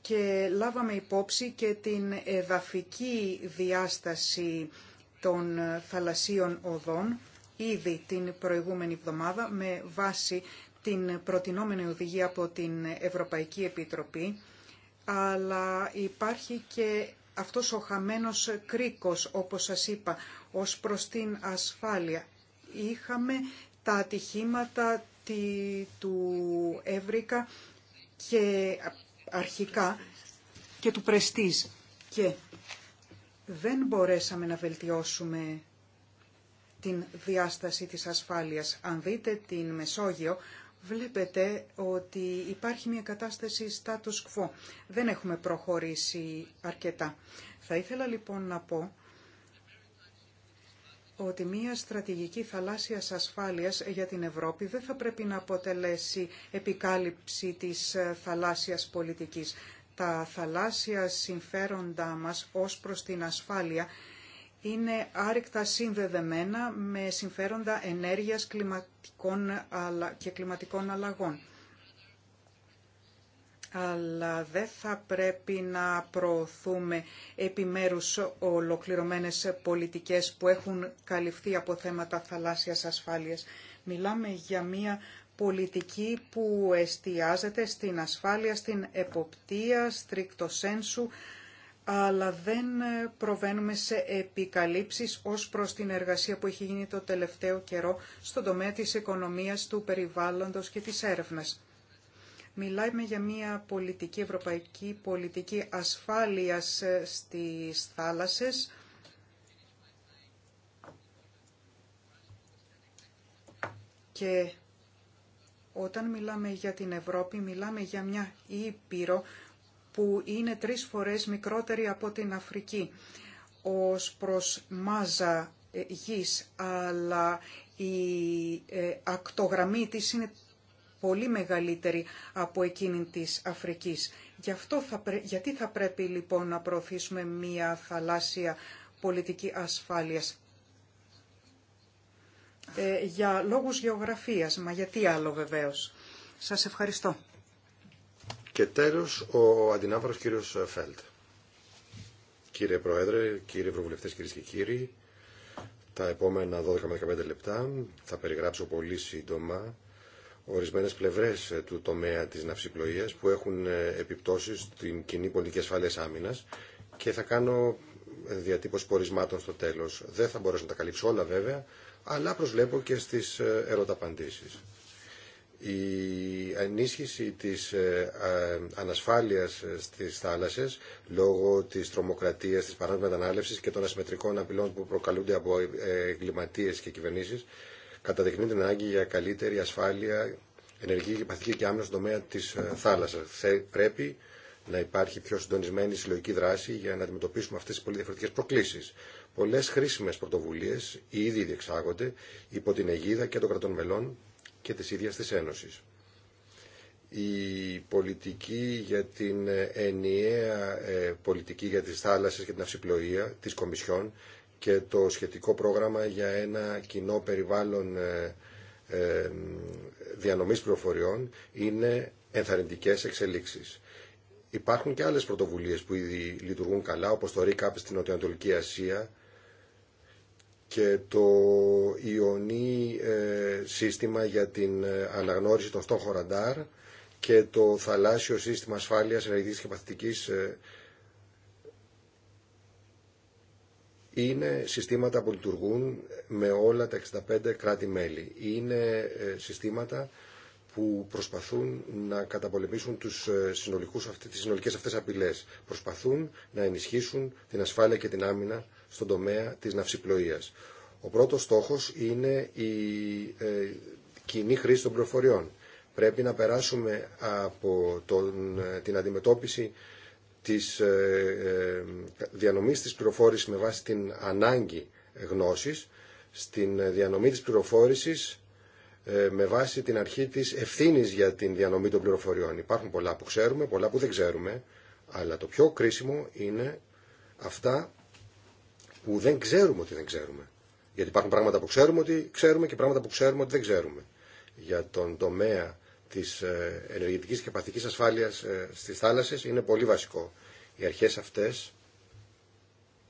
Και λάβαμε υπόψη και την εδαφική διάσταση των ε, θαλασσίων οδών ήδη την προηγούμενη εβδομάδα με βάση την προτινόμενη οδηγία από την Ευρωπαϊκή Επιτροπή αλλά υπάρχει και αυτός ο χαμένος κρίκος, όπως σας είπα, ως προς την ασφάλεια. Είχαμε τα ατυχήματα του Εύρικα και αρχικά και του Πρεστής και δεν μπορέσαμε να βελτιώσουμε την διάσταση της ασφάλειας. Αν δείτε την Μεσόγειο, Βλέπετε ότι υπάρχει μια κατάσταση status quo. Δεν έχουμε προχωρήσει αρκετά. Θα ήθελα λοιπόν να πω ότι μια στρατηγική θαλάσσιας ασφάλειας για την Ευρώπη δεν θα πρέπει να αποτελέσει επικάλυψη της ε, θαλάσσιας πολιτικής. Τα θαλάσσια συμφέροντά μας ως προς την ασφάλεια είναι άρρηκτα συνδεδεμένα με συμφέροντα ενέργειας κλιματικών και κλιματικών αλλαγών. Αλλά δεν θα πρέπει να προωθούμε επιμέρους ολοκληρωμένες πολιτικές που έχουν καλυφθεί από θέματα θαλάσσιας ασφάλειας. Μιλάμε για μία πολιτική που εστιάζεται στην ασφάλεια, στην εποπτεία, στρικτοσένσου, αλλά δεν ε, προβαίνουμε σε επικαλύψεις ως προς την εργασία που έχει γίνει το τελευταίο καιρό στον τομέα της οικονομίας, του περιβάλλοντος και της έρευνας. Μιλάμε για μια πολιτική, ευρωπαϊκή πολιτική ασφάλειας ε, στις θάλασσες, και όταν μιλάμε για την Ευρώπη, μιλάμε για μια ήπειρο που είναι τρεις φορές μικρότερη από την Αφρική ως προς μάζα ε, γης, αλλά η ε, ακτογραμμή της είναι πολύ μεγαλύτερη από εκείνη της Αφρικής. Γι αυτό Γιατί θα πρέπει λοιπόν να προωθήσουμε μία θαλάσσια πολιτική ασφάλειας. Ε, για λόγους γεωγραφίας, μα γιατί άλλο βεβαίως. Σας ευχαριστώ. Και τέλος, ο αντινάφαρος κύριος Φέλτ. Κύριε Πρόεδρε, κύριε Ευρωβουλευτές, κυρίε και κύριοι, τα επόμενα 12 με 15 λεπτά θα περιγράψω πολύ σύντομα ορισμένες πλευρές του τομέα της ναυσιπλοείας που έχουν ε, επιπτώσεις στην κοινή πολιτική ασφάλειας άμυνας και θα κάνω ε, διατύπωση πορισμάτων στο τέλος. Δεν θα μπορέσω να τα καλύψω όλα βέβαια, αλλά προσβλέπω και στις ε, ερωταπαντήσεις η ενίσχυση της ε, ανασφάλειας ε, στις θάλασσες λόγω της τρομοκρατίας, της παράνομης μετανάλευσης και των ασυμμετρικών απειλών που προκαλούνται από ε, εγκληματίες και κυβερνήσεις καταδεικνύει την ανάγκη για καλύτερη ασφάλεια, ενεργή, παθητική και άμυνα στον τομέα της θάλασσας. Πρέπει να υπάρχει πιο συντονισμένη συλλογική δράση για να αντιμετωπίσουμε αυτές τις πολύ διαφορετικές προκλήσεις. Πολλές χρήσιμες πρωτοβουλίες ήδη διεξάγονται υπό την αιγίδα και των κρατών μελών και της ίδιας της Ένωσης. Η πολιτική για την ενιαία ε, πολιτική για τις θάλασσες και την αυσιπλοεία της Κομισιόν και το σχετικό πρόγραμμα για ένα κοινό περιβάλλον ε, ε, διανομής πληροφοριών είναι ενθαρρυντικές εξελίξεις. Υπάρχουν και άλλες πρωτοβουλίες που ήδη λειτουργούν καλά, όπως το ΡΙΚΑΠ στην Νοτιοανατολική Ασία, και το ε, σύστημα για την ε, αναγνώριση των στόχων ραντάρ και το θαλάσσιο σύστημα ασφάλειας ενεργητικής και παθητικής ε, είναι συστήματα που λειτουργούν με όλα τα 65 κράτη-μέλη. Είναι ε, συστήματα που προσπαθούν να καταπολεμήσουν τους συνολικούς, τις συνολικές αυτές απειλές. Προσπαθούν να ενισχύσουν την ασφάλεια και την άμυνα στον τομέα της ναυσιπλοείας. Ο πρώτος στόχος είναι η ε, κοινή χρήση των πληροφοριών. Πρέπει να περάσουμε από ε, την αντιμετώπιση της ε, διανομής της πληροφόρησης με βάση την ανάγκη γνώσης, στην διανομή της πληροφόρησης με βάση την αρχή της ευθύνης για την διανομή των πληροφοριών. Υπάρχουν πολλά που ξέρουμε, πολλά που δεν ξέρουμε, αλλά το πιο κρίσιμο είναι αυτά που δεν ξέρουμε ότι δεν ξέρουμε. Γιατί υπάρχουν πράγματα που ξέρουμε ότι ξέρουμε και πράγματα που ξέρουμε ότι δεν ξέρουμε. Για τον τομέα της ε, ενεργητικής και παθική ασφάλειας ε, στις θάλασσες είναι πολύ βασικό. Οι αρχές αυτές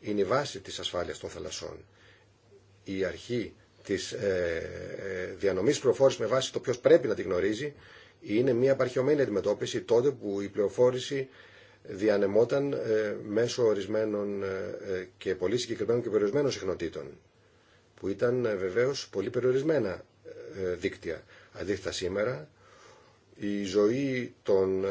είναι η βάση της ασφάλειας των θαλασσών. Η αρχή της διανομή ε, πληροφόρηση διανομής με βάση το ποιο πρέπει να τη γνωρίζει είναι μια απαρχαιωμένη αντιμετώπιση τότε που η πληροφόρηση διανεμόταν ε, μέσω ορισμένων ε, ε, και πολύ συγκεκριμένων και περιορισμένων συχνοτήτων, που ήταν βεβαίως πολύ περιορισμένα δίκτυα. Αντίθετα σήμερα, η ζωή των,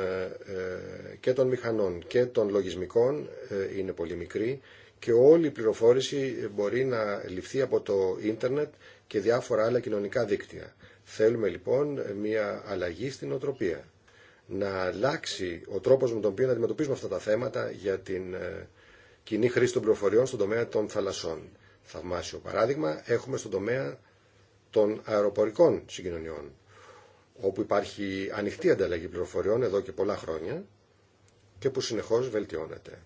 και των μηχανών και των λογισμικών είναι πολύ μικρή και όλη η πληροφόρηση μπορεί να ληφθεί από το ίντερνετ και διάφορα άλλα κοινωνικά δίκτυα. Θέλουμε λοιπόν μια αλλαγή στην οτροπία να αλλάξει ο τρόπος με τον οποίο να αντιμετωπίζουμε αυτά τα θέματα για την ε, κοινή χρήση των πληροφοριών στον τομέα των θαλασσών. Θαυμάσιο παράδειγμα έχουμε στον τομέα των αεροπορικών συγκοινωνιών, όπου υπάρχει ανοιχτή ανταλλαγή πληροφοριών εδώ και πολλά χρόνια και που συνεχώς βελτιώνεται.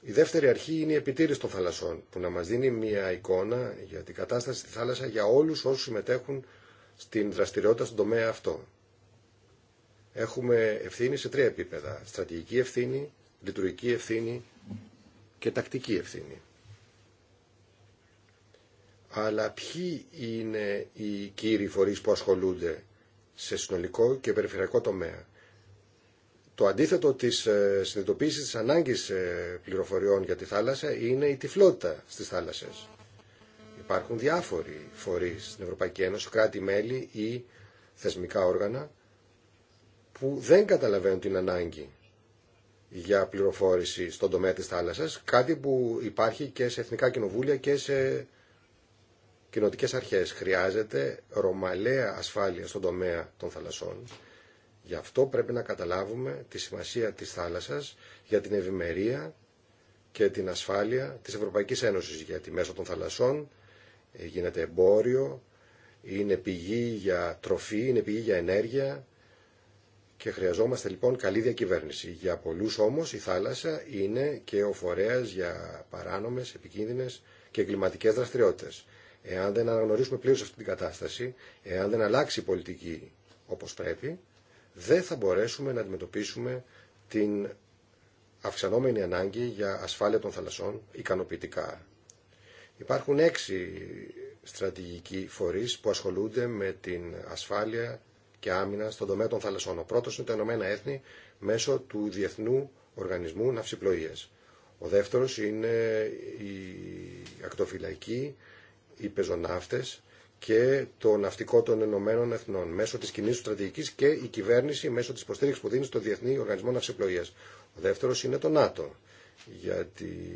Η δεύτερη αρχή είναι η επιτήρηση των θαλασσών, που να μας δίνει μια εικόνα για την κατάσταση στη θάλασσα για όλους όσους συμμετέχουν στην δραστηριότητα στον τομέα αυτό έχουμε ευθύνη σε τρία επίπεδα. Στρατηγική ευθύνη, λειτουργική ευθύνη και τακτική ευθύνη. Αλλά ποιοι είναι οι κύριοι φορείς που ασχολούνται σε συνολικό και περιφερειακό τομέα. Το αντίθετο της ε, συνειδητοποίησης της ανάγκης ε, πληροφοριών για τη θάλασσα είναι η τυφλότητα στις θάλασσες. Υπάρχουν διάφοροι φορείς στην Ευρωπαϊκή Ένωση, κράτη-μέλη ή θεσμικά όργανα που δεν καταλαβαίνουν την ανάγκη για πληροφόρηση στον τομέα της θάλασσας, κάτι που υπάρχει και σε εθνικά κοινοβούλια και σε κοινοτικές αρχές. Χρειάζεται ρωμαλαία ασφάλεια στον τομέα των θαλασσών. Γι' αυτό πρέπει να καταλάβουμε τη σημασία της θάλασσας για την ευημερία και την ασφάλεια της Ευρωπαϊκής Ένωσης. Γιατί μέσω των θαλασσών ε, γίνεται εμπόριο, είναι πηγή για τροφή, είναι πηγή για ενέργεια, και χρειαζόμαστε λοιπόν καλή διακυβέρνηση. Για πολλούς όμως η θάλασσα είναι και ο φορέας για παράνομες, επικίνδυνες και εγκληματικές δραστηριότητες. Εάν δεν αναγνωρίσουμε πλήρως αυτή την κατάσταση, εάν δεν αλλάξει η πολιτική όπως πρέπει, δεν θα μπορέσουμε να αντιμετωπίσουμε την αυξανόμενη ανάγκη για ασφάλεια των θαλασσών ικανοποιητικά. Υπάρχουν έξι στρατηγικοί φορείς που ασχολούνται με την ασφάλεια και άμυνα στον τομέα των θαλασσών. Ο πρώτο είναι τα Ηνωμένα Έθνη μέσω του Διεθνού Οργανισμού Ναυσιπλοεία. Ο δεύτερο είναι οι ακτοφυλακοί, οι πεζοναύτε και το ναυτικό των Ηνωμένων Εθνών μέσω τη κοινή στρατηγική και η κυβέρνηση μέσω τη υποστήριξη που δίνει στο Διεθνή Οργανισμό Ναυσιπλοεία. Ο δεύτερο είναι το ΝΑΤΟ, γιατί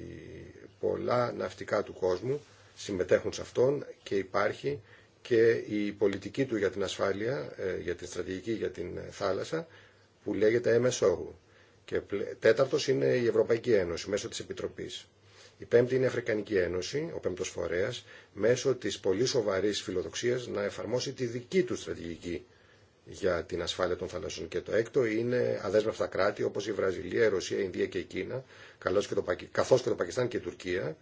πολλά ναυτικά του κόσμου συμμετέχουν σε αυτόν και υπάρχει και η πολιτική του για την ασφάλεια, ε, για την στρατηγική για την ε, θάλασσα, που λέγεται MSO. Και τέταρτος είναι η Ευρωπαϊκή Ένωση, μέσω της Επιτροπής. Η πέμπτη είναι η Αφρικανική Ένωση, ο πέμπτος φορέας, μέσω της πολύ σοβαρής φιλοδοξίας να εφαρμόσει τη δική του στρατηγική για την ασφάλεια των θαλασσών. Και το έκτο είναι αδέσμευτα κράτη όπως η Βραζιλία, η Ρωσία, η Ινδία και η Κίνα, καθώς και το Πακιστάν και η Τουρκία,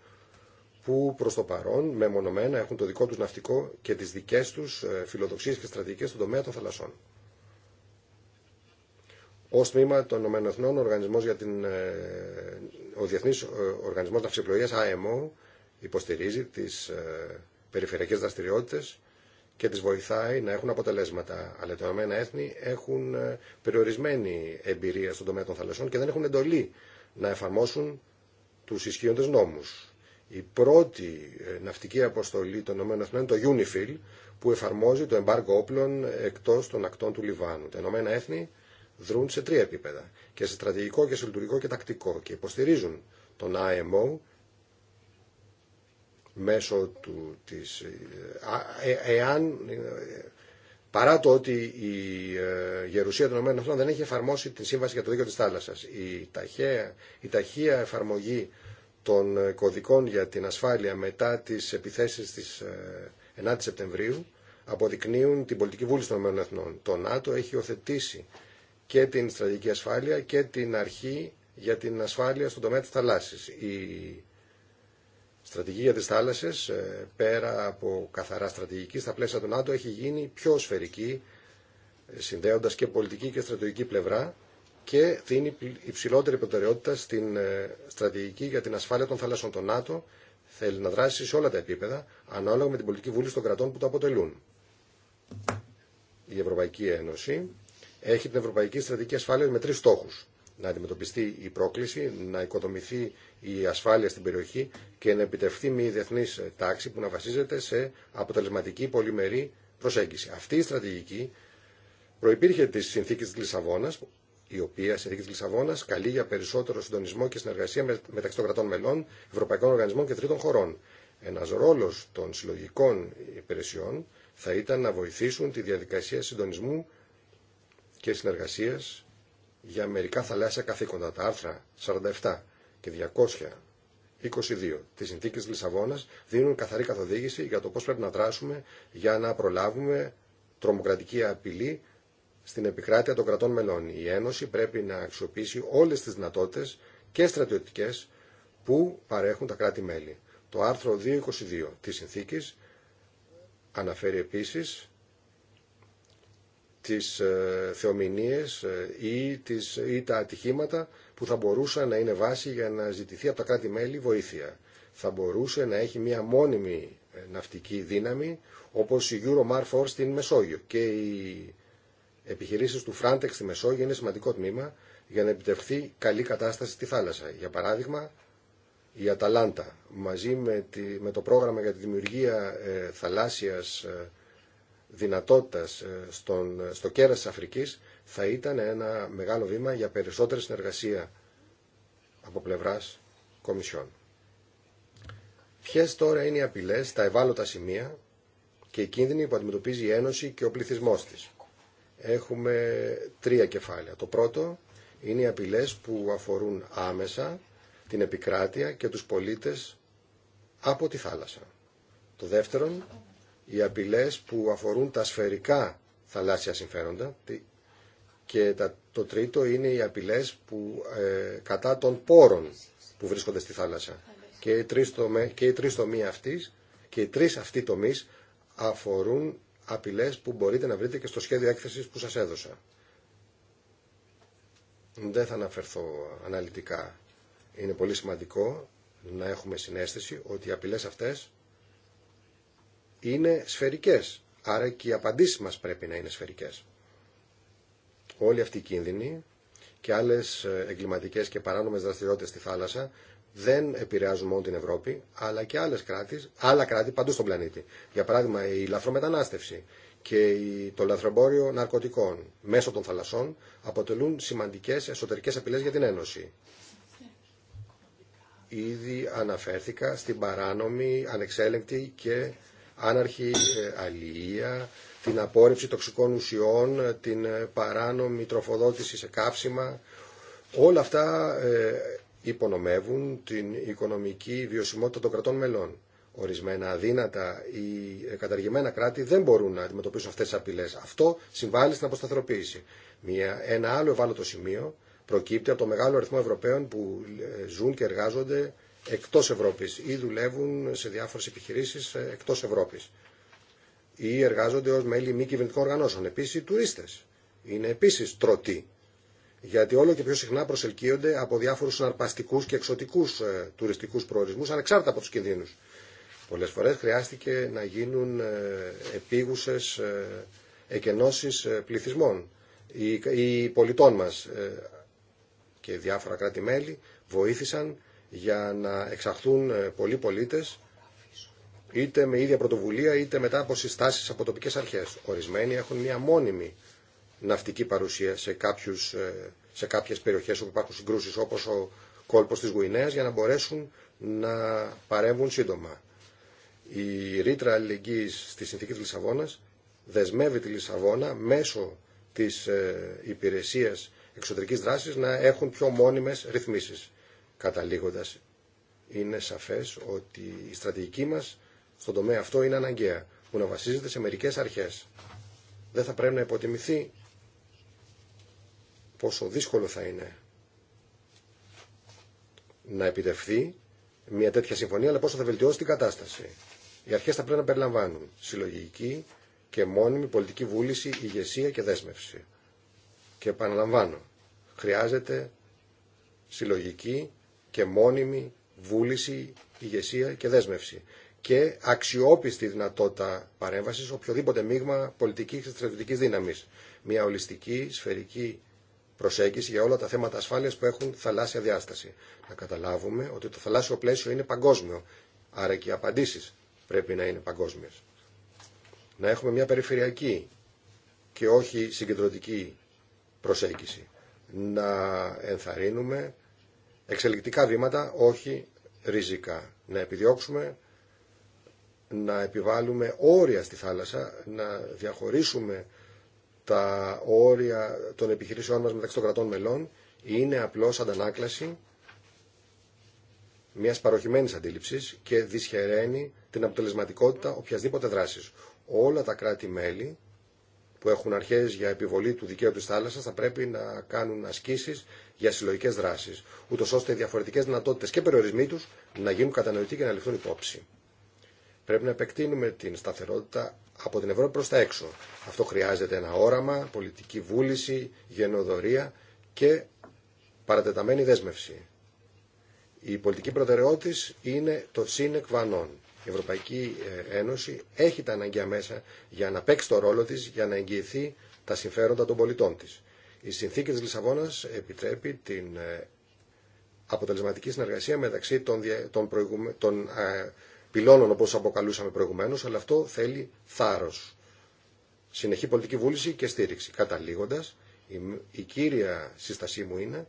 που προς το παρόν μεμονωμένα έχουν το δικό τους ναυτικό και τις δικές τους ε, φιλοδοξίες και στρατηγικές στον τομέα των θαλασσών. Ω τμήμα των ΗΕ, ο, οργανισμός για την, ε, ο Διεθνής ε, Οργανισμός IMO, υποστηρίζει τις περιφερειακές δραστηριότητες και τις βοηθάει να έχουν αποτελέσματα. Αλλά τα Ηνωμένα έχουν περιορισμένη εμπειρία στον τομέα των θαλασσών και δεν έχουν εντολή να εφαρμόσουν τους ισχύοντες νόμους η πρώτη ε, ναυτική αποστολή των ΗΠΑ είναι το UNIFIL που εφαρμόζει το εμπάργκο όπλων εκτός των ακτών του Λιβάνου. Τα Ηνωμένα Έθνη δρούν σε τρία επίπεδα και σε στρατηγικό και σε λειτουργικό και τακτικό και υποστηρίζουν τον IMO μέσω του, της, ε, ε, εάν, παρά το ότι η γερουσία των ΗΠΑ δεν έχει εφαρμόσει τη σύμβαση για το δίκαιο της θάλασσας. Η ταχεία, η ταχεία εφαρμογή των ε, κωδικών για την ασφάλεια μετά τις επιθέσεις της 9 ε, Σεπτεμβρίου αποδεικνύουν την πολιτική βούληση των ΗΕ. Το ΝΑΤΟ έχει οθετήσει και την στρατηγική ασφάλεια και την αρχή για την ασφάλεια στον τομέα της θαλάσσης. Η στρατηγική για τις θάλασσε ε, πέρα από καθαρά στρατηγική, στα πλαίσια του ΝΑΤΟ έχει γίνει πιο σφαιρική, συνδέοντας και πολιτική και στρατηγική πλευρά και δίνει υψηλότερη προτεραιότητα στην ε, στρατηγική για την ασφάλεια των θαλασσών. Το ΝΑΤΟ θέλει να δράσει σε όλα τα επίπεδα, ανάλογα με την πολιτική βούληση των κρατών που το αποτελούν. Η Ευρωπαϊκή Ένωση έχει την Ευρωπαϊκή Στρατηγική Ασφάλεια με τρει στόχου. Να αντιμετωπιστεί η πρόκληση, να οικοδομηθεί η ασφάλεια στην περιοχή και να επιτευχθεί μια διεθνή τάξη που να βασίζεται σε αποτελεσματική πολυμερή προσέγγιση. Αυτή η στρατηγική προπήρχε τη συνθήκη τη Λισαβόνα η οποία συνθήκη τη Λισαβόνα καλεί για περισσότερο συντονισμό και συνεργασία μεταξύ των κρατών μελών, ευρωπαϊκών οργανισμών και τρίτων χωρών. Ένα ρόλο των συλλογικών υπηρεσιών θα ήταν να βοηθήσουν τη διαδικασία συντονισμού και συνεργασία για μερικά θαλάσσια καθήκοντα, τα άρθρα 47 και 222 τη συνθήκη τη Λισαβόνα δίνουν καθαρή καθοδήγηση για το πώ πρέπει να δράσουμε για να προλάβουμε τρομοκρατική απειλή στην επικράτεια των κρατών μελών. Η Ένωση πρέπει να αξιοποιήσει όλες τις δυνατότητε και στρατιωτικές που παρέχουν τα κράτη-μέλη. Το άρθρο 222 της συνθήκης αναφέρει επίσης τις ε, θεομηνίες ε, ή, τα ατυχήματα που θα μπορούσαν να είναι βάση για να ζητηθεί από τα κράτη-μέλη βοήθεια. Θα μπορούσε να έχει μια μόνιμη ε, ναυτική δύναμη όπως η Euromar Force στην Μεσόγειο και η Επιχειρήσει του Frontex στη Μεσόγειο είναι σημαντικό τμήμα για να επιτευχθεί καλή κατάσταση στη θάλασσα. Για παράδειγμα, η Αταλάντα μαζί με, τη, με το πρόγραμμα για τη δημιουργία ε, θαλάσσιας ε, δυνατότητας ε, στον, στο κέρας της Αφρικής θα ήταν ένα μεγάλο βήμα για περισσότερη συνεργασία από πλευράς Κομισιών. Ποιες τώρα είναι οι απειλές, τα ευάλωτα σημεία και οι κίνδυνοι που αντιμετωπίζει η Ένωση και ο πληθυσμός της έχουμε τρία κεφάλαια. Το πρώτο είναι οι απειλές που αφορούν άμεσα την επικράτεια και τους πολίτες από τη θάλασσα. Το δεύτερο, οι απειλές που αφορούν τα σφαιρικά θαλάσσια συμφέροντα και το τρίτο είναι οι απειλές που, ε, κατά των πόρων που βρίσκονται στη θάλασσα. Και οι τρεις, τομείς και και αυτοί τομείς αφορούν απειλές που μπορείτε να βρείτε και στο σχέδιο έκθεσης που σας έδωσα. Δεν θα αναφερθώ αναλυτικά. Είναι πολύ σημαντικό να έχουμε συνέστηση ότι οι απειλές αυτές είναι σφαιρικές. Άρα και οι απαντήσεις μας πρέπει να είναι σφαιρικές. Όλοι αυτοί οι κίνδυνοι και άλλες ε, εγκληματικές και παράνομες δραστηριότητες στη θάλασσα δεν επηρεάζουν μόνο την Ευρώπη, αλλά και άλλες κράτης, άλλα κράτη παντού στον πλανήτη. Για παράδειγμα, η λαθρομετανάστευση και το λαθρομπόριο ναρκωτικών μέσω των θαλασσών αποτελούν σημαντικές εσωτερικές απειλές για την Ένωση. Ήδη αναφέρθηκα στην παράνομη, ανεξέλεγκτη και άναρχη ε, αλληλεία, την απόρριψη τοξικών ουσιών, την παράνομη τροφοδότηση σε καύσιμα. Όλα αυτά ε, υπονομεύουν την οικονομική βιωσιμότητα των κρατών μελών. Ορισμένα αδύνατα ή καταργημένα κράτη δεν μπορούν να αντιμετωπίσουν αυτέ τι απειλέ. Αυτό συμβάλλει στην αποσταθεροποίηση. Μια, ένα άλλο ευάλωτο σημείο προκύπτει από το μεγάλο αριθμό Ευρωπαίων που ε, ζουν και εργάζονται εκτό Ευρώπη ή δουλεύουν σε διάφορε επιχειρήσει ε, εκτό Ευρώπη ή εργάζονται ω μέλη μη κυβερνητικών οργανώσεων. Επίση οι τουρίστες είναι επίση τρωτοί γιατί όλο και πιο συχνά προσελκύονται από διάφορους συναρπαστικούς και εξωτικούς ε, τουριστικούς προορισμούς, ανεξάρτητα από τους κινδύνους. Πολλές φορές χρειάστηκε να γίνουν ε, επίγουσες ε, εκενώσεις πληθυσμών Οι πολιτών μας και διάφορα κράτη-μέλη βοήθησαν για να εξαχθούν πολλοί πολίτες είτε με ίδια πρωτοβουλία είτε μετά από συστάσεις από τοπικές αρχές. Ορισμένοι έχουν μια μόνιμη ναυτική παρουσία σε, κάποιους, ε, σε κάποιες περιοχές όπου υπάρχουν συγκρούσεις όπως ο κόλπος της Γουινέας για να μπορέσουν να παρέμβουν σύντομα. Η ρήτρα αλληλεγγύης στη συνθήκη της Λισαβόνας δεσμεύει τη Λισαβόνα μέσω της ε, υπηρεσίας εξωτερικής δράσης να έχουν πιο μόνιμες ρυθμίσεις. Καταλήγοντας, είναι σαφές ότι η στρατηγική μας στον τομέα αυτό είναι αναγκαία, που να βασίζεται σε μερικές αρχές. Δεν θα πρέπει να υποτιμηθεί πόσο δύσκολο θα είναι να επιτευχθεί μια τέτοια συμφωνία, αλλά πόσο θα βελτιώσει την κατάσταση. Οι αρχές θα πρέπει να περιλαμβάνουν συλλογική και μόνιμη πολιτική βούληση, ηγεσία και δέσμευση. Και επαναλαμβάνω, χρειάζεται συλλογική και μόνιμη βούληση, ηγεσία και δέσμευση. Και αξιόπιστη δυνατότητα παρέμβαση οποιοδήποτε μείγμα πολιτική και στρατιωτική δύναμη. Μια ολιστική, σφαιρική προσέγγιση για όλα τα θέματα ασφάλεια που έχουν θαλάσσια διάσταση. Να καταλάβουμε ότι το θαλάσσιο πλαίσιο είναι παγκόσμιο, άρα και οι απαντήσει πρέπει να είναι παγκόσμιες. Να έχουμε μια περιφερειακή και όχι συγκεντρωτική προσέγγιση. Να ενθαρρύνουμε εξελικτικά βήματα, όχι ριζικά. Να επιδιώξουμε να επιβάλλουμε όρια στη θάλασσα, να διαχωρίσουμε τα όρια των επιχειρήσεών μας μεταξύ των κρατών μελών είναι απλώς αντανάκλαση μιας παροχημένης αντίληψης και δυσχεραίνει την αποτελεσματικότητα οποιασδήποτε δράσης. Όλα τα κράτη-μέλη που έχουν αρχές για επιβολή του δικαίου της θάλασσας θα πρέπει να κάνουν ασκήσεις για συλλογικές δράσεις, ούτω ώστε οι διαφορετικές δυνατότητες και περιορισμοί τους να γίνουν κατανοητοί και να ληφθούν υπόψη. Πρέπει να επεκτείνουμε την σταθερότητα από την Ευρώπη προς τα έξω. Αυτό χρειάζεται ένα όραμα, πολιτική βούληση, γενοδορία και παρατεταμένη δέσμευση. Η πολιτική προτεραιότητα είναι το σύνεκ βανών. Η Ευρωπαϊκή ε, Ένωση έχει τα αναγκαία μέσα για να παίξει το ρόλο της, για να εγγυηθεί τα συμφέροντα των πολιτών της. Η συνθήκη της Λισαβόνας επιτρέπει την ε, αποτελεσματική συνεργασία μεταξύ των, των, των ε, πυλώνων όπως αποκαλούσαμε προηγουμένως, αλλά αυτό θέλει θάρρος. Συνεχή πολιτική βούληση και στήριξη. Καταλήγοντας, η, η κύρια σύστασή μου είναι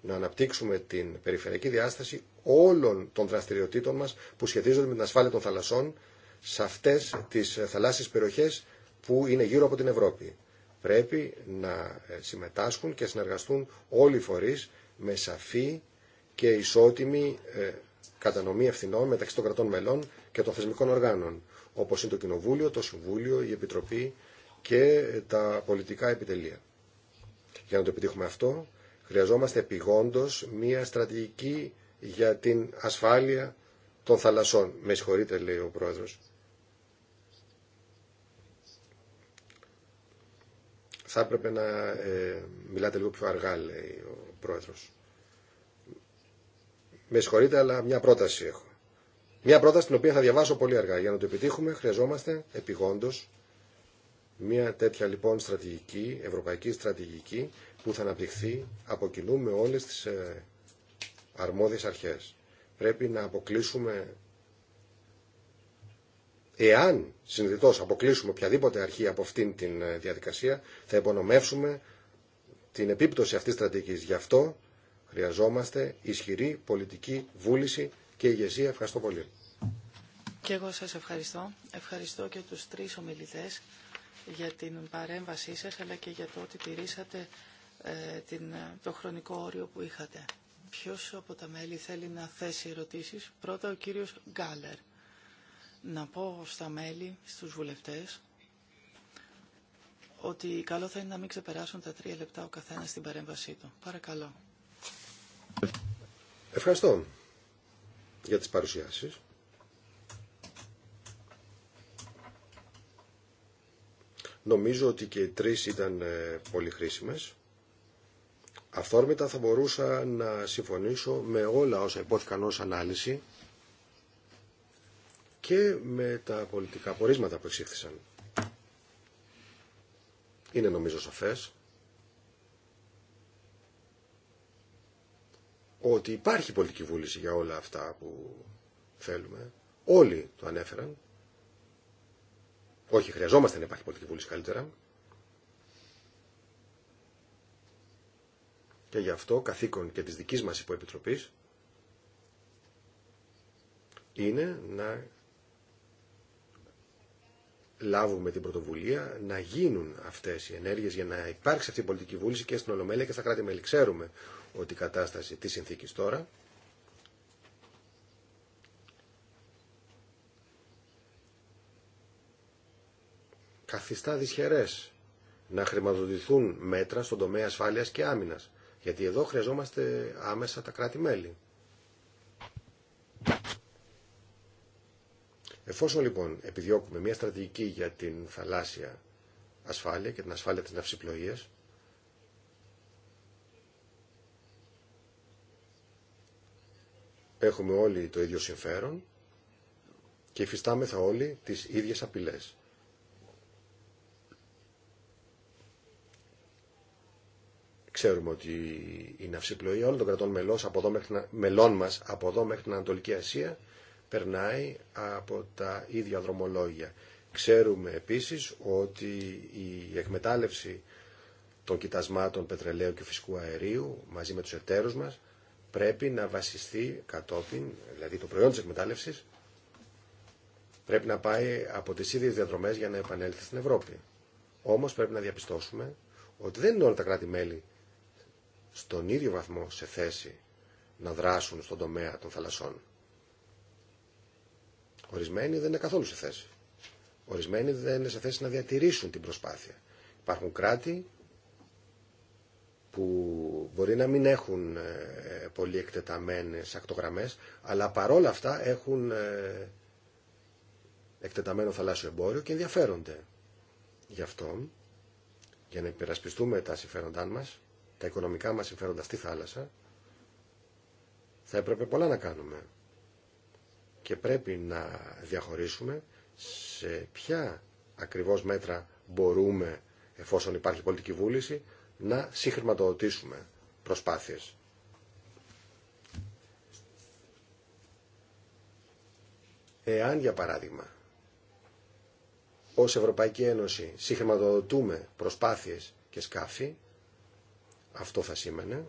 να αναπτύξουμε την περιφερειακή διάσταση όλων των δραστηριοτήτων μας που σχετίζονται με την ασφάλεια των θαλασσών σε αυτές τις θαλάσσιες περιοχές που είναι γύρω από την Ευρώπη. Πρέπει να ε, συμμετάσχουν και συνεργαστούν όλοι οι φορείς με σαφή και ισότιμη ε, κατανομή ευθυνών μεταξύ των κρατών μελών και των θεσμικών οργάνων, όπως είναι το Κοινοβούλιο, το Συμβούλιο, η Επιτροπή και τα πολιτικά επιτελεία. Για να το επιτύχουμε αυτό, χρειαζόμαστε επιγόντω μία στρατηγική για την ασφάλεια των θαλασσών. Με συγχωρείτε, λέει ο Πρόεδρος. Θα έπρεπε να ε, μιλάτε λίγο πιο αργά, λέει ο Πρόεδρος. Με συγχωρείτε, αλλά μια πρόταση έχω. Μια πρόταση την οποία θα διαβάσω πολύ αργά. Για να το επιτύχουμε χρειαζόμαστε επιγόντω μια τέτοια λοιπόν στρατηγική, ευρωπαϊκή στρατηγική που θα αναπτυχθεί από κοινού με όλες τις ε, αρμόδιες αρχές. Πρέπει να αποκλείσουμε, εάν συνειδητό αποκλείσουμε οποιαδήποτε αρχή από αυτήν την ε, διαδικασία, θα υπονομεύσουμε την επίπτωση αυτή της στρατηγικής. Γι' αυτό Χρειαζόμαστε ισχυρή πολιτική βούληση και ηγεσία. Ευχαριστώ πολύ. Και εγώ σας ευχαριστώ. Ευχαριστώ και τους τρεις ομιλητές για την παρέμβασή σας, αλλά και για το ότι τηρήσατε ε, την, ε, το χρονικό όριο που είχατε. Ποιος από τα μέλη θέλει να θέσει ερωτήσεις. Πρώτα ο κύριος Γκάλερ. Να πω στα μέλη, στους βουλευτές, ότι καλό θα είναι να μην ξεπεράσουν τα τρία λεπτά ο καθένας στην παρέμβασή του. Παρακαλώ. Ευχαριστώ για τις παρουσιάσεις. Νομίζω ότι και οι τρεις ήταν ε, πολύ χρήσιμες. Αυθόρμητα θα μπορούσα να συμφωνήσω με όλα όσα υπόθηκαν ως ανάλυση και με τα πολιτικά πορίσματα που εξήχθησαν. Είναι νομίζω σαφές ότι υπάρχει πολιτική βούληση για όλα αυτά που θέλουμε. Όλοι το ανέφεραν. Όχι, χρειαζόμαστε να υπάρχει πολιτική βούληση καλύτερα. Και γι' αυτό καθήκον και της δικής μας υποεπιτροπής είναι να λάβουμε την πρωτοβουλία να γίνουν αυτές οι ενέργειες για να υπάρξει αυτή η πολιτική βούληση και στην Ολομέλεια και στα κράτη-μέλη. Ξέρουμε ότι η κατάσταση τη συνθήκη τώρα καθιστά δυσχερές να χρηματοδοτηθούν μέτρα στον τομέα ασφάλειας και άμυνας. Γιατί εδώ χρειαζόμαστε άμεσα τα κράτη-μέλη. Εφόσον λοιπόν επιδιώκουμε μια στρατηγική για την θαλάσσια ασφάλεια και την ασφάλεια της ναυσιπλοείας, έχουμε όλοι το ίδιο συμφέρον και υφιστάμεθα όλοι τις ίδιες απειλές. Ξέρουμε ότι η ναυσιπλοεία όλων των κρατών μελών, μελών μας από εδώ μέχρι την Ανατολική Ασία περνάει από τα ίδια δρομολόγια. Ξέρουμε επίσης ότι η εκμετάλλευση των κοιτασμάτων πετρελαίου και φυσικού αερίου μαζί με τους εταίρους μας πρέπει να βασιστεί κατόπιν, δηλαδή το προϊόν της εκμετάλλευσης, πρέπει να πάει από τις ίδιες διαδρομές για να επανέλθει στην Ευρώπη. Όμως πρέπει να διαπιστώσουμε ότι δεν είναι όλα τα κράτη-μέλη στον ίδιο βαθμό σε θέση να δράσουν στον τομέα των θαλασσών. Ορισμένοι δεν είναι καθόλου σε θέση. Ορισμένοι δεν είναι σε θέση να διατηρήσουν την προσπάθεια. Υπάρχουν κράτη που μπορεί να μην έχουν ε, πολύ εκτεταμένες ακτογραμμές, αλλά παρόλα αυτά έχουν ε, εκτεταμένο θαλάσσιο εμπόριο και ενδιαφέρονται. Γι' αυτό, για να υπερασπιστούμε τα συμφέροντά μας, τα οικονομικά μας συμφέροντα στη θάλασσα, θα έπρεπε πολλά να κάνουμε και πρέπει να διαχωρίσουμε σε ποια ακριβώς μέτρα μπορούμε, εφόσον υπάρχει πολιτική βούληση, να συγχρηματοδοτήσουμε προσπάθειες. Εάν, για παράδειγμα, ως Ευρωπαϊκή Ένωση συγχρηματοδοτούμε προσπάθειες και σκάφη, αυτό θα σήμαινε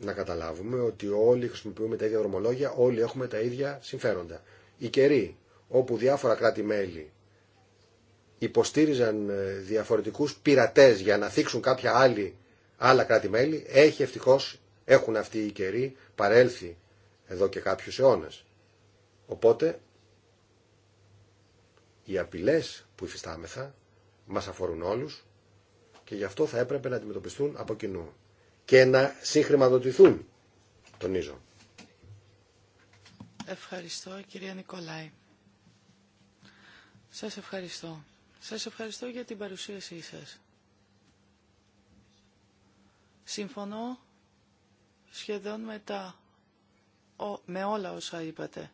να καταλάβουμε ότι όλοι χρησιμοποιούμε τα ίδια δρομολόγια, όλοι έχουμε τα ίδια συμφέροντα. Οι καιροί όπου διάφορα κράτη-μέλη υποστήριζαν ε, διαφορετικούς πειρατές για να θίξουν κάποια άλλη, άλλα κράτη-μέλη, έχει ευτυχώς, έχουν αυτοί οι καιροί παρέλθει εδώ και κάποιους αιώνες. Οπότε, οι απειλές που υφιστάμεθα μας αφορούν όλους και γι' αυτό θα έπρεπε να αντιμετωπιστούν από κοινού και να συγχρηματοδοτηθούν, τονίζω. Ευχαριστώ κυρία Νικολάη. Σας ευχαριστώ. Σας ευχαριστώ για την παρουσίασή σας. Συμφωνώ σχεδόν με, με όλα όσα είπατε.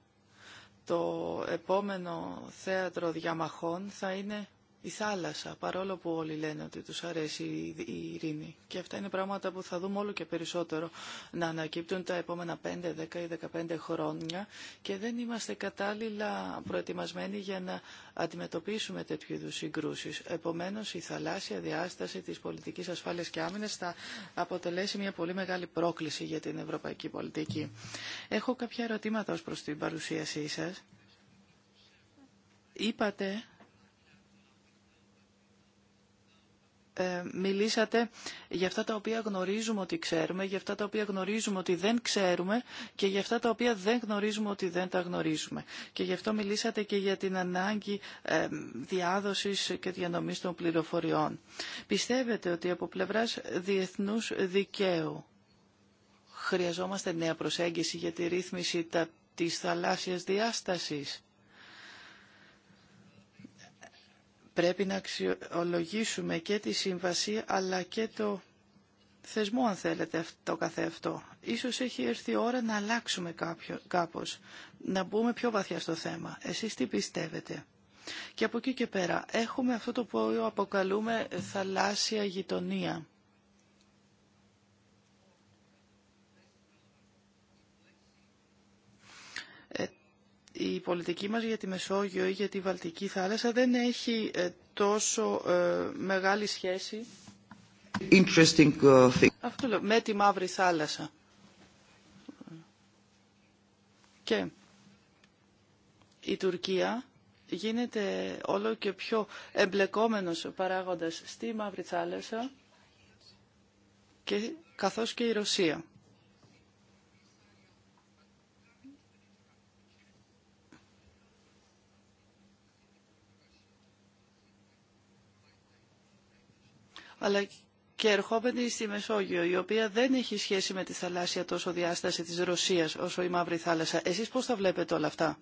Το επόμενο θέατρο διαμαχών θα είναι η θάλασσα, παρόλο που όλοι λένε ότι τους αρέσει η ειρήνη. Και αυτά είναι πράγματα που θα δούμε όλο και περισσότερο να ανακύπτουν τα επόμενα 5, 10 ή 15 χρόνια και δεν είμαστε κατάλληλα προετοιμασμένοι για να αντιμετωπίσουμε τέτοιου είδου συγκρούσεις. Επομένως, η θαλάσσια διάσταση της πολιτικής ασφάλεια και άμυνας θα αποτελέσει μια πολύ μεγάλη πρόκληση για την ευρωπαϊκή πολιτική. Έχω κάποια ερωτήματα ω προς την παρουσίασή σα. Είπατε Ε, μιλήσατε για αυτά τα οποία γνωρίζουμε ότι ξέρουμε, για αυτά τα οποία γνωρίζουμε ότι δεν ξέρουμε και για αυτά τα οποία δεν γνωρίζουμε ότι δεν τα γνωρίζουμε. Και γι' αυτό μιλήσατε και για την ανάγκη ε, διάδοσης και διανομής των πληροφοριών. Πιστεύετε ότι από πλευράς διεθνούς δικαίου χρειαζόμαστε νέα προσέγγιση για τη ρύθμιση της θαλάσσιας διάστασης Πρέπει να αξιολογήσουμε και τη σύμβαση αλλά και το θεσμό αν θέλετε το καθεαυτό. Ίσως έχει έρθει η ώρα να αλλάξουμε κάποιο, κάπως, να μπούμε πιο βαθιά στο θέμα. Εσείς τι πιστεύετε. Και από εκεί και πέρα έχουμε αυτό το που αποκαλούμε θαλάσσια γειτονία. η πολιτική μας για τη Μεσόγειο ή για τη Βαλτική θάλασσα δεν έχει ε, τόσο ε, μεγάλη σχέση Interesting uh, thing. με τη Μαύρη Θάλασσα. Και η Τουρκία γίνεται όλο και πιο εμπλεκόμενος παράγοντας στη Μαύρη Θάλασσα και καθώς και η Ρωσία. αλλά και ερχόμενοι στη Μεσόγειο, η οποία δεν έχει σχέση με τη θαλάσσια τόσο διάσταση της Ρωσίας όσο η Μαύρη Θάλασσα. Εσείς πώς τα βλέπετε όλα αυτά.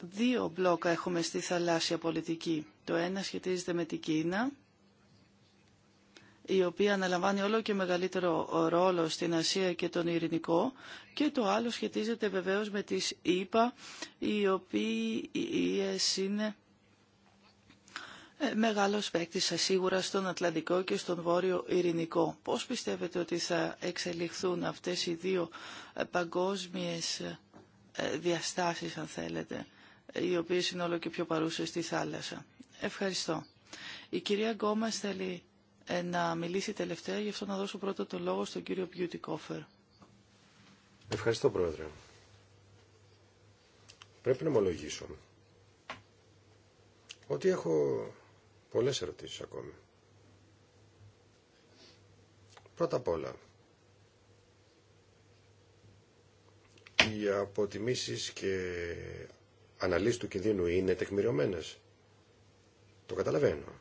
Δύο μπλόκα έχουμε στη θαλάσσια πολιτική. Το ένα σχετίζεται με την Κίνα, η οποία αναλαμβάνει όλο και μεγαλύτερο ρόλο στην Ασία και τον Ειρηνικό και το άλλο σχετίζεται βεβαίως με τις ΗΠΑ, οι οποίες είναι ε, μεγάλος παίκτης σίγουρα στον Ατλαντικό και στον Βόρειο Ειρηνικό. Πώς πιστεύετε ότι θα εξελιχθούν αυτές οι δύο ε, παγκόσμιες ε, διαστάσεις, αν θέλετε, οι οποίες είναι όλο και πιο παρούσες στη θάλασσα. Ευχαριστώ. Η κυρία Γκόμα θέλει να μιλήσει τελευταία, γι' αυτό να δώσω πρώτα το λόγο στον κύριο Beauty Κόφερ. Ευχαριστώ, Πρόεδρε. Πρέπει να ομολογήσω ότι έχω Πολλές ερωτήσεις ακόμη. Πρώτα απ' όλα, οι αποτιμήσεις και αναλύσεις του κινδύνου είναι τεκμηριωμένες. Το καταλαβαίνω.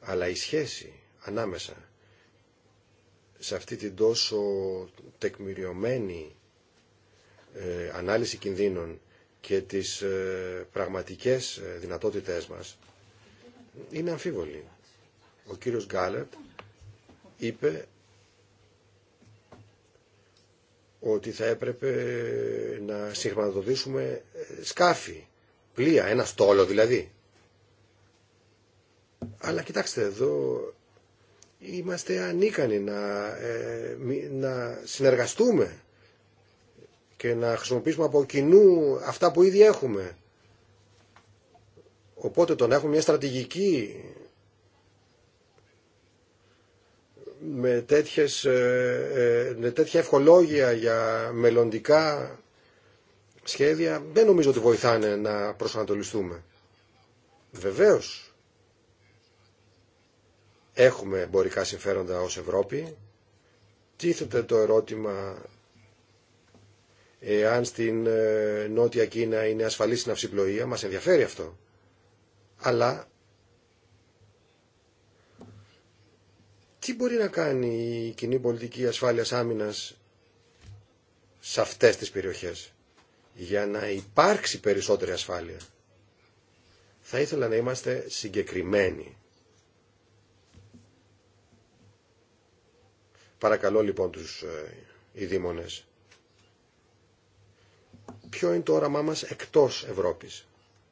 Αλλά η σχέση ανάμεσα σε αυτή την τόσο τεκμηριωμένη ε, ανάλυση κινδύνων και τις ε, πραγματικές ε, δυνατότητές μας είναι αμφίβολη. Ο κύριος Γκάλετ είπε ότι θα έπρεπε να συγχρηματοδοτήσουμε ε, σκάφη, πλοία, ένα στόλο δηλαδή. Αλλά κοιτάξτε εδώ είμαστε ανίκανοι να συνεργαστούμε και να χρησιμοποιήσουμε από κοινού αυτά που ήδη έχουμε. Οπότε το να έχουμε μια στρατηγική με, τέτοιες, ε, ε, με τέτοια ευχολόγια για μελλοντικά σχέδια δεν νομίζω ότι βοηθάνε να προσανατολιστούμε. Βεβαίως έχουμε εμπορικά συμφέροντα ως Ευρώπη. Τίθεται το ερώτημα εάν στην ε, Νότια Κίνα είναι ασφαλή στην αυσιπλοεία, μας ενδιαφέρει αυτό. Αλλά τι μπορεί να κάνει η κοινή πολιτική ασφάλειας άμυνας σε αυτές τις περιοχές για να υπάρξει περισσότερη ασφάλεια. Θα ήθελα να είμαστε συγκεκριμένοι. Παρακαλώ λοιπόν τους ειδήμονες ποιο είναι το όραμά μας εκτός Ευρώπης.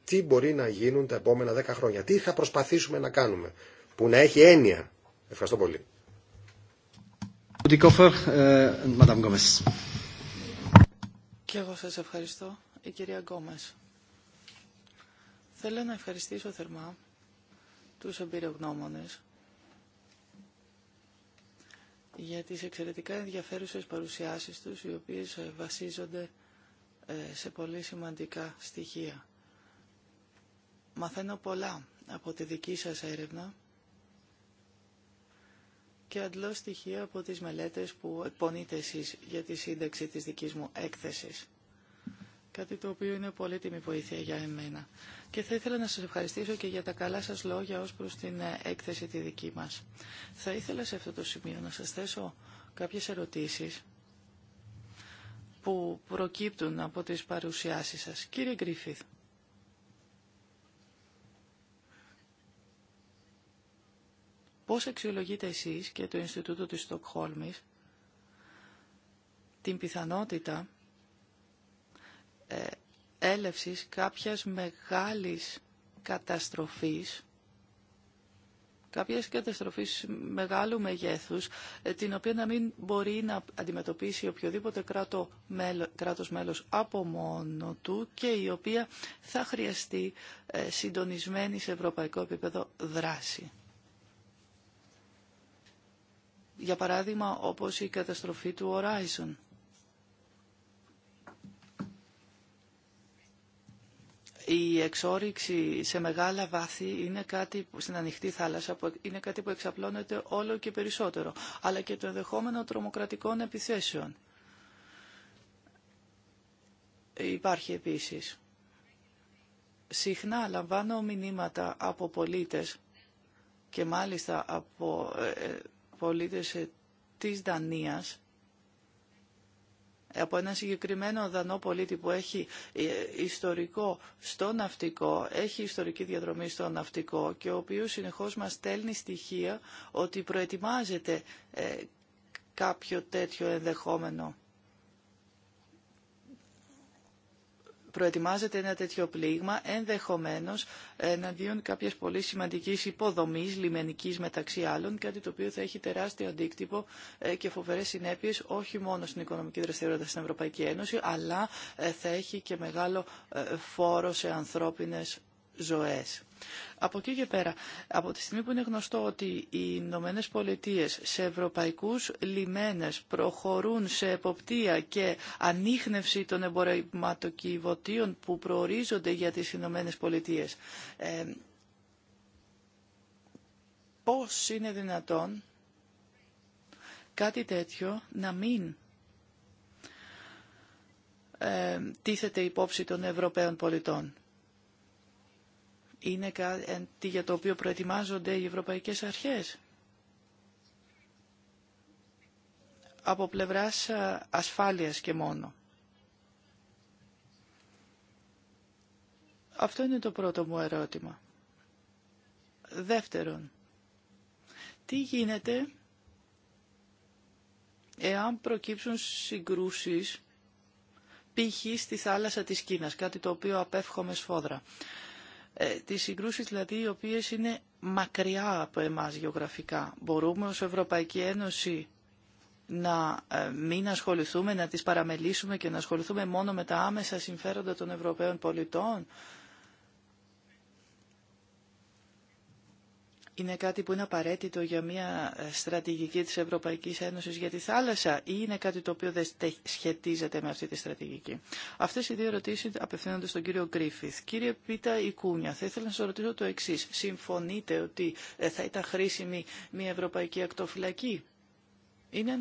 Τι μπορεί να γίνουν τα επόμενα δέκα χρόνια. Τι θα προσπαθήσουμε να κάνουμε. Που να έχει έννοια. Ευχαριστώ πολύ. Ε, Και εγώ σας ευχαριστώ, η κυρία Γκόμες. Θέλω να ευχαριστήσω θερμά τους εμπειρογνώμονες για τις εξαιρετικά ενδιαφέρουσες παρουσιάσεις τους, οι οποίες ε, βασίζονται ε, σε πολύ σημαντικά στοιχεία. Μαθαίνω πολλά από τη δική σας έρευνα και αντλώ στοιχεία από τις μελέτες που εκπονείτε εσείς για τη σύνταξη της δικής μου έκθεσης. Κάτι το οποίο είναι πολύτιμη βοήθεια για εμένα. Και θα ήθελα να σας ευχαριστήσω και για τα καλά σας λόγια ως προς την ε, έκθεση τη δική μας. Θα ήθελα σε αυτό το σημείο να σας θέσω κάποιες ερωτήσεις που προκύπτουν από τις παρουσιάσεις σας. Κύριε Γκρίφιθ. Πώς αξιολογείτε εσείς και το Ινστιτούτο της Στοκχόλμης την πιθανότητα ε, έλευσης κάποιας μεγάλης καταστροφής κάποιες καταστροφές μεγάλου μεγέθους, ε, την οποία να μην μπορεί να αντιμετωπίσει οποιοδήποτε κράτο, κράτος μέλος από μόνο του και η οποία θα χρειαστεί ε, συντονισμένη σε ευρωπαϊκό επίπεδο δράση. Για παράδειγμα, όπως η καταστροφή του Horizon Η εξόριξη σε μεγάλα βάθη είναι κάτι στην ανοιχτή θάλασσα που είναι κάτι που εξαπλώνεται όλο και περισσότερο, αλλά και το ενδεχόμενο τρομοκρατικών επιθέσεων. Υπάρχει επίσης. Συχνά λαμβάνω μηνύματα από πολίτες και μάλιστα από ε, ε, πολίτες ε, της Δανίας από ένα συγκεκριμένο δανό πολίτη που έχει ε, ιστορικό στο ναυτικό, έχει ιστορική διαδρομή στο ναυτικό και ο οποίος συνεχώς μας στέλνει στοιχεία ότι προετοιμάζεται ε, κάποιο τέτοιο ενδεχόμενο προετοιμάζεται ένα τέτοιο πλήγμα ενδεχομένως εναντίον κάποιας πολύ σημαντικής υποδομής λιμενικής μεταξύ άλλων, κάτι το οποίο θα έχει τεράστιο αντίκτυπο ε, και φοβερές συνέπειες όχι μόνο στην οικονομική δραστηριότητα στην Ευρωπαϊκή Ένωση, αλλά ε, θα έχει και μεγάλο ε, φόρο σε ανθρώπινες ζωές. Από εκεί και πέρα, από τη στιγμή που είναι γνωστό ότι οι Ηνωμένε Πολιτείε σε ευρωπαϊκούς λιμένες προχωρούν σε εποπτεία και ανείχνευση των εμπορευματοκιβωτίων που προορίζονται για τις Ηνωμένε Πολιτείε. Ε, πώς είναι δυνατόν κάτι τέτοιο να μην ε, τίθεται υπόψη των Ευρωπαίων πολιτών είναι κάτι για το οποίο προετοιμάζονται οι ευρωπαϊκές αρχές. Από πλευράς ε, ασφάλειας και μόνο. Αυτό είναι το πρώτο μου ερώτημα. Δεύτερον, τι γίνεται εάν προκύψουν συγκρούσεις π.χ. στη θάλασσα της Κίνας, κάτι το οποίο απέφχομαι σφόδρα. Ε, τις συγκρούσεις δηλαδή οι οποίες είναι μακριά από εμάς γεωγραφικά. Μπορούμε ως Ευρωπαϊκή Ένωση να ε, μην ασχοληθούμε, να τις παραμελήσουμε και να ασχοληθούμε μόνο με τα άμεσα συμφέροντα των Ευρωπαίων πολιτών. είναι κάτι που είναι απαραίτητο για μια ε, στρατηγική της Ευρωπαϊκής Ένωσης για τη θάλασσα ή είναι κάτι το οποίο δεν σχετίζεται με αυτή τη στρατηγική. Αυτές οι δύο ερωτήσεις απευθύνονται στον κύριο Γκρίφιθ. Κύριε Πίτα Ικούνια, θα ήθελα να σας ρωτήσω το εξής. Συμφωνείτε ότι ε, θα ήταν χρήσιμη μια ευρωπαϊκή ακτοφυλακή είναι,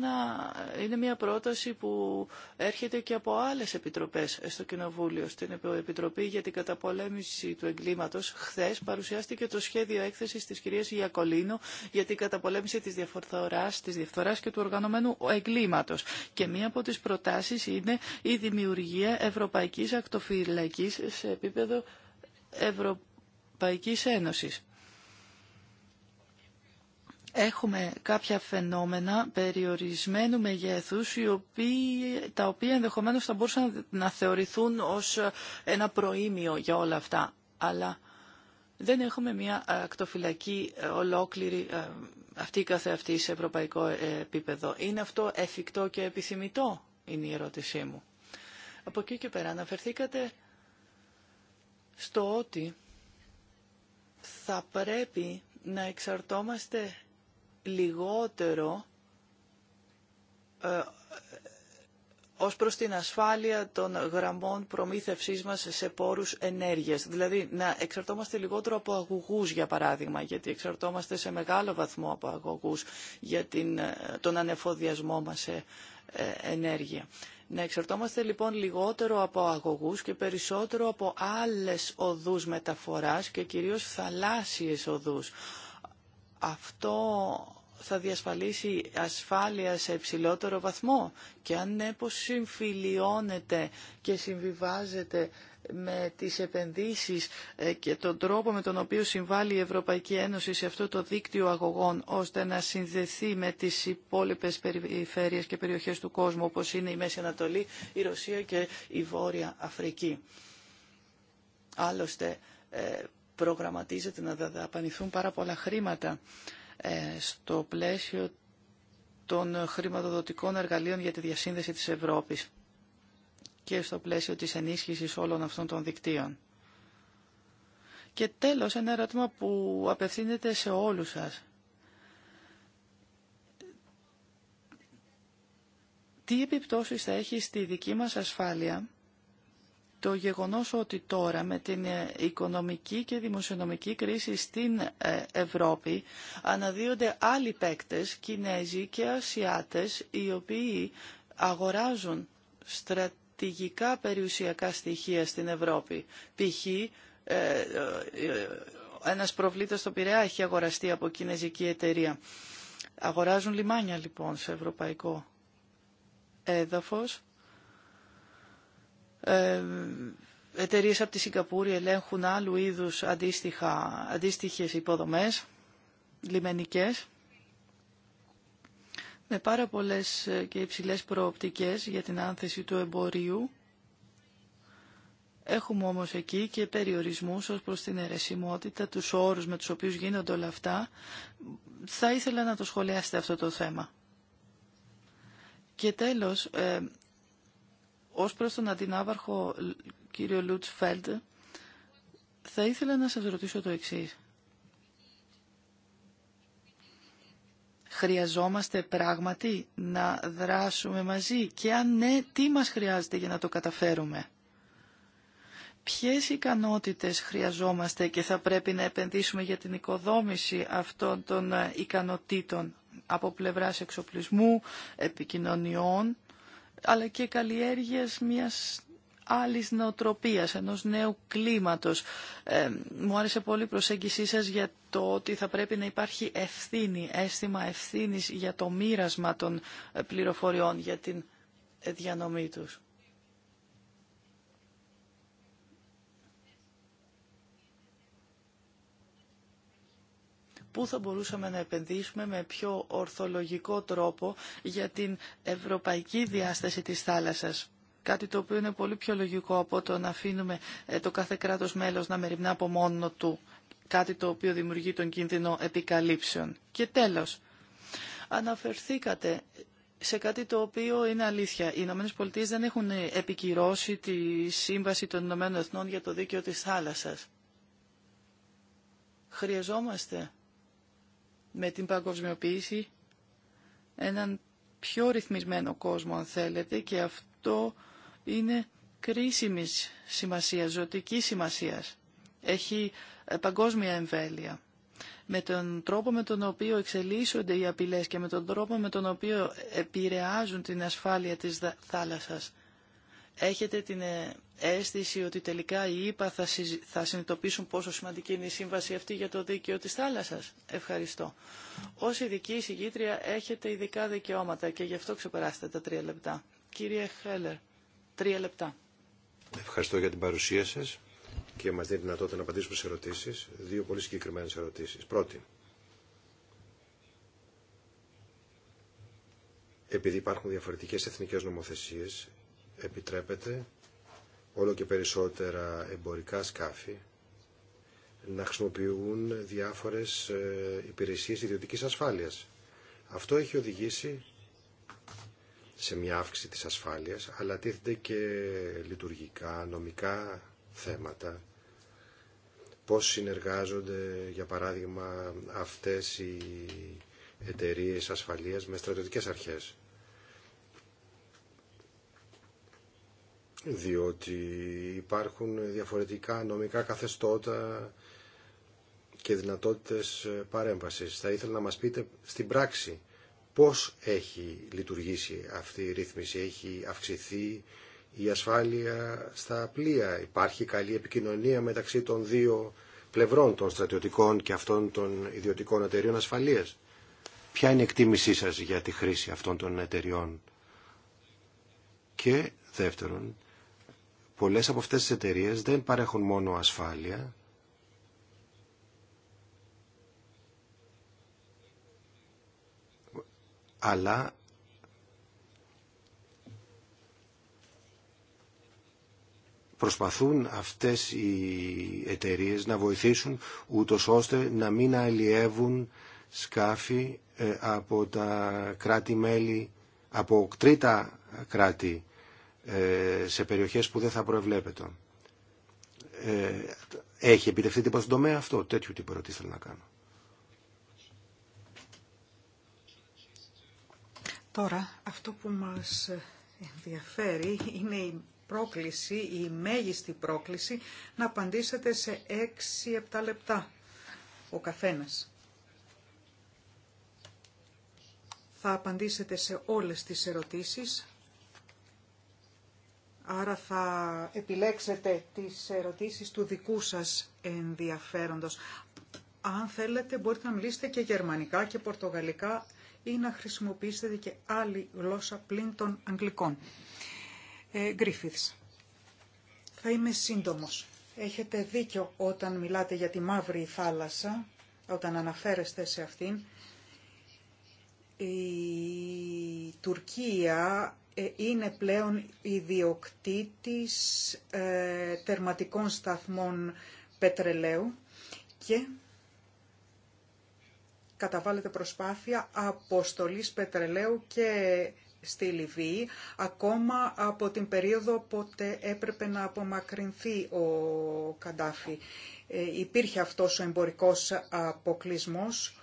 είναι μια πρόταση που έρχεται και από άλλες επιτροπές στο Κοινοβούλιο. Στην Επιτροπή για την Καταπολέμηση του Εγκλήματος χθες παρουσιάστηκε το σχέδιο έκθεσης της κυρίας Γιακολίνο για την καταπολέμηση της διαφθοράς, της διαφθοράς και του οργανωμένου εγκλήματος. Και μία από τις προτάσεις είναι η δημιουργία ευρωπαϊκής ακτοφυλακής σε επίπεδο Ευρωπαϊκής Ένωσης έχουμε κάποια φαινόμενα περιορισμένου μεγέθους οι οποίοι, τα οποία ενδεχομένως θα μπορούσαν να θεωρηθούν ως ε, ένα προήμιο για όλα αυτά. Αλλά δεν έχουμε μια ακτοφυλακή ε, ολόκληρη ε, αυτή καθεαυτή σε ευρωπαϊκό επίπεδο. Είναι αυτό εφικτό και επιθυμητό είναι η ερώτησή μου. Από εκεί και πέρα αναφερθήκατε στο ότι θα πρέπει να εξαρτόμαστε λιγότερο ε, ως προς την ασφάλεια των γραμμών προμήθευσής μας σε πόρους ενέργειας. Δηλαδή να εξαρτώμαστε λιγότερο από αγωγούς για παράδειγμα, γιατί εξαρτώμαστε σε μεγάλο βαθμό από αγωγούς για την, ε, τον ανεφοδιασμό μας σε ε, ενέργεια. Να εξαρτώμαστε λοιπόν λιγότερο από αγωγούς και περισσότερο από άλλες οδούς μεταφοράς και κυρίως θαλάσσιες οδούς αυτό θα διασφαλίσει ασφάλεια σε υψηλότερο βαθμό και αν ναι συμφιλιώνεται και συμβιβάζεται με τις επενδύσεις ε, και τον τρόπο με τον οποίο συμβάλλει η Ευρωπαϊκή Ένωση σε αυτό το δίκτυο αγωγών ώστε να συνδεθεί με τις υπόλοιπες περιφέρειες και περιοχές του κόσμου όπως είναι η Μέση Ανατολή, η Ρωσία και η Βόρεια Αφρική. Άλλωστε, ε, προγραμματίζεται να δαπανηθούν πάρα πολλά χρήματα ε, στο πλαίσιο των χρηματοδοτικών εργαλείων για τη διασύνδεση της Ευρώπης και στο πλαίσιο της ενίσχυσης όλων αυτών των δικτύων. Και τέλος, ένα ερώτημα που απευθύνεται σε όλους σας. Τι επιπτώσεις θα έχει στη δική μας ασφάλεια το γεγονός ότι τώρα με την ε, οικονομική και δημοσιονομική κρίση στην ε, Ευρώπη αναδύονται άλλοι παίκτες, Κινέζοι και Ασιάτες, οι οποίοι αγοράζουν στρατηγικά περιουσιακά στοιχεία στην Ευρώπη. Π.χ. Ε, ένας προβλήτας στο Πειραιά έχει αγοραστεί από κινέζικη εταιρεία. Αγοράζουν λιμάνια λοιπόν σε ευρωπαϊκό έδαφος ε, εταιρείε από τη Σιγκαπούρη ελέγχουν άλλου είδου αντίστοιχε υποδομέ, λιμενικέ με πάρα πολλέ ε, και υψηλέ προοπτικές για την άνθεση του εμπορίου. Έχουμε όμως εκεί και περιορισμούς ως προς την αιρεσιμότητα, τους όρους με τους οποίους γίνονται όλα αυτά. Θα ήθελα να το σχολιάσετε αυτό το θέμα. Και τέλος, ε, ως προς τον αντινάβαρχο κύριο Φέλτ, θα ήθελα να σας ρωτήσω το εξής. Χρειαζόμαστε πράγματι να δράσουμε μαζί και αν ναι, τι μας χρειάζεται για να το καταφέρουμε. Ποιες ικανότητες χρειαζόμαστε και θα πρέπει να επενδύσουμε για την οικοδόμηση αυτών των ικανοτήτων από πλευράς εξοπλισμού, επικοινωνιών αλλά και καλλιέργειας μιας άλλης νοοτροπίας, ενός νέου κλίματος. Ε, μου άρεσε πολύ η προσέγγισή σας για το ότι θα πρέπει να υπάρχει ευθύνη, αίσθημα ευθύνης για το μοίρασμα των ε, πληροφοριών, για την ε, διανομή τους. πού θα μπορούσαμε να επενδύσουμε με πιο ορθολογικό τρόπο για την ευρωπαϊκή διάσταση της θάλασσας κάτι το οποίο είναι πολύ πιο λογικό από το να αφήνουμε ε, το κάθε κράτος μέλος να μεριμνά από μόνο του, κάτι το οποίο δημιουργεί τον κίνδυνο επικαλύψεων. Και τέλος, αναφερθήκατε σε κάτι το οποίο είναι αλήθεια. Οι Ηνωμένες Πολιτείες δεν έχουν ε, επικυρώσει τη Σύμβαση των Ηνωμένων Εθνών για το Δίκαιο της Θάλασσας. Χρειαζόμαστε με την παγκοσμιοποίηση έναν πιο ρυθμισμένο κόσμο αν θέλετε και αυτό είναι κρίσιμης σημασίας, ζωτικής σημασίας. Έχει ε, παγκόσμια εμβέλεια. Με τον τρόπο με τον οποίο εξελίσσονται οι απειλές και με τον τρόπο με τον οποίο επηρεάζουν την ασφάλεια της θάλασσας έχετε την ε, αίσθηση ότι τελικά οι ΙΠΑ θα, συνειδητοποιήσουν πόσο σημαντική είναι η σύμβαση αυτή για το δίκαιο της θάλασσας. Ευχαριστώ. Ως ειδική εισηγήτρια έχετε ειδικά δικαιώματα και γι' αυτό ξεπεράσετε τα τρία λεπτά. Κύριε Χέλερ, τρία λεπτά. Ευχαριστώ για την παρουσία σας και μας δίνει δυνατότητα να απαντήσουμε σε ερωτήσεις. Δύο πολύ συγκεκριμένες ερωτήσεις. Πρώτη. Επειδή υπάρχουν διαφορετικές εθνικές νομοθεσίες, επιτρέπεται όλο και περισσότερα εμπορικά σκάφη να χρησιμοποιούν διάφορες ε, υπηρεσίες ιδιωτικής ασφάλειας. Αυτό έχει οδηγήσει σε μια αύξηση της ασφάλειας, αλλά τίθενται και λειτουργικά, νομικά θέματα. Πώς συνεργάζονται, για παράδειγμα, αυτές οι εταιρείες ασφαλείας με στρατιωτικές αρχές. διότι υπάρχουν διαφορετικά νομικά καθεστώτα και δυνατότητες παρέμβασης. Θα ήθελα να μας πείτε στην πράξη πώς έχει λειτουργήσει αυτή η ρύθμιση, έχει αυξηθεί η ασφάλεια στα πλοία, υπάρχει καλή επικοινωνία μεταξύ των δύο πλευρών των στρατιωτικών και αυτών των ιδιωτικών εταιρείων ασφαλείας. Ποια είναι η εκτίμησή σας για τη χρήση αυτών των εταιριών. Και δεύτερον, Πολλές από αυτές τις εταιρείες δεν παρέχουν μόνο ασφάλεια, αλλά προσπαθούν αυτές οι εταιρείες να βοηθήσουν ούτω ώστε να μην αλλιεύουν σκάφη ε, από τα κράτη-μέλη, από τρίτα κράτη ε, σε περιοχές που δεν θα προεβλέπεται. Ε, έχει επιτευχθεί τίποτα στον τομέα αυτό. Τέτοιου τύπου θέλω να κάνω. Τώρα, αυτό που μας ενδιαφέρει είναι η πρόκληση, η μέγιστη πρόκληση να απαντήσετε σε 6-7 λεπτά ο καθένας. Θα απαντήσετε σε όλες τις ερωτήσεις Άρα θα επιλέξετε τις ερωτήσεις του δικού σας ενδιαφέροντος. Αν θέλετε μπορείτε να μιλήσετε και γερμανικά και πορτογαλικά ή να χρησιμοποιήσετε και άλλη γλώσσα πλην των αγγλικών. Ε, Θα είμαι σύντομος. Έχετε δίκιο όταν μιλάτε για τη μαύρη θάλασσα, όταν αναφέρεστε σε αυτήν. Η Τουρκία ε, είναι πλέον ιδιοκτήτης ε, τερματικών σταθμών πετρελαίου και καταβάλλεται προσπάθεια αποστολής πετρελαίου και στη Λιβύη, ακόμα από την περίοδο πότε έπρεπε να απομακρυνθεί ο Καντάφη. Ε, υπήρχε αυτός ο εμπορικός αποκλισμός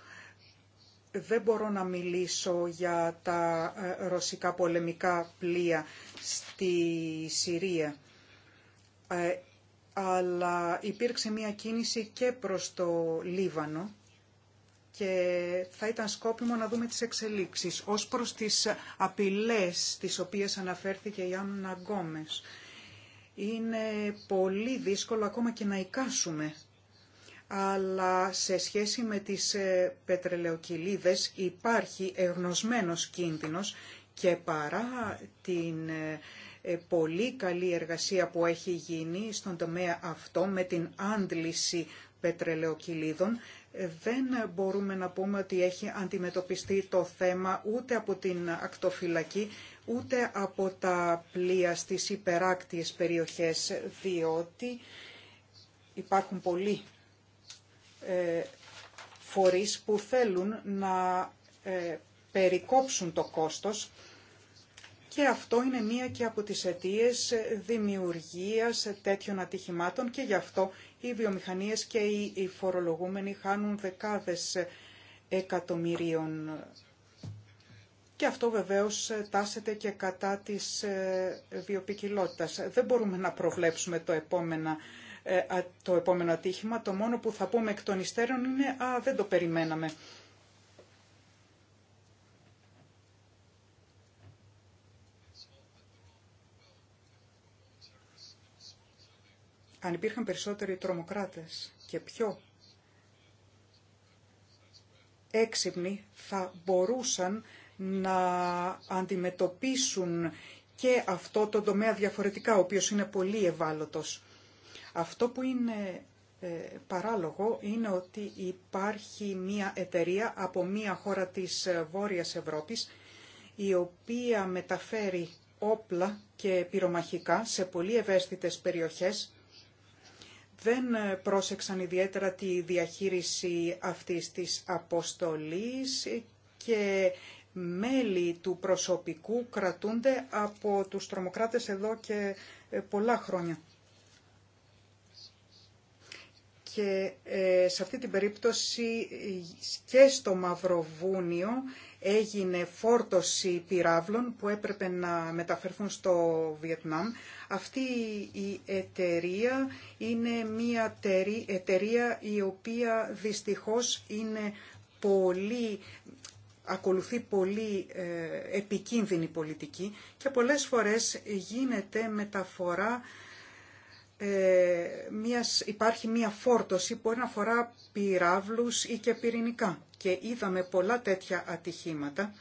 δεν μπορώ να μιλήσω για τα ε, ρωσικά πολεμικά πλοία στη Συρία. Ε, αλλά υπήρξε μια κίνηση και προς το Λίβανο και θα ήταν σκόπιμο να δούμε τις εξελίξεις ως προς τις απειλές τις οποίες αναφέρθηκε η Άννα Γκόμες. Είναι πολύ δύσκολο ακόμα και να εικάσουμε αλλά σε σχέση με τις ε, πετρελαιοκυλίδες υπάρχει εγνωσμένος κίνδυνος και παρά την ε, ε, πολύ καλή εργασία που έχει γίνει στον τομέα αυτό με την άντληση πετρελαιοκυλίδων, δεν μπορούμε να πούμε ότι έχει αντιμετωπιστεί το θέμα ούτε από την ακτοφυλακή, ούτε από τα πλοία στις υπεράκτιες περιοχές, διότι υπάρχουν πολλοί ε, φορείς που θέλουν να ε, περικόψουν το κόστος και αυτό είναι μία και από τις αιτίες δημιουργίας τέτοιων ατυχημάτων και γι' αυτό οι βιομηχανίες και οι φορολογούμενοι χάνουν δεκάδες εκατομμυρίων. Και αυτό βεβαίως τάσεται και κατά της ε, βιοπικιλότητας. Δεν μπορούμε να προβλέψουμε το επόμενα ε, το επόμενο ατύχημα, το μόνο που θα πούμε εκ των υστέρων είναι «Α, δεν το περιμέναμε». Αν υπήρχαν περισσότεροι τρομοκράτες και πιο έξυπνοι θα μπορούσαν να αντιμετωπίσουν και αυτό το τομέα διαφορετικά, ο οποίος είναι πολύ ευάλωτος. Αυτό που είναι ε, παράλογο είναι ότι υπάρχει μία εταιρεία από μία χώρα της ε, Βόρειας Ευρώπης η οποία μεταφέρει όπλα και πυρομαχικά σε πολύ ευαίσθητες περιοχές. Δεν ε, πρόσεξαν ιδιαίτερα τη διαχείριση αυτής της αποστολής και μέλη του προσωπικού κρατούνται από τους τρομοκράτες εδώ και πολλά χρόνια. Και ε, σε αυτή την περίπτωση και στο Μαυροβούνιο έγινε φόρτωση πυράβλων που έπρεπε να μεταφερθούν στο Βιετνάμ. Αυτή η εταιρεία είναι μια εταιρεία η οποία δυστυχώς είναι πολύ, ακολουθεί πολύ ε, επικίνδυνη πολιτική και πολλές φορές γίνεται μεταφορά ε, μιας, υπάρχει μια φόρτωση που μπορεί να αφορά πυράβλους ή και πυρηνικά. Και είδαμε πολλά τέτοια ατυχήματα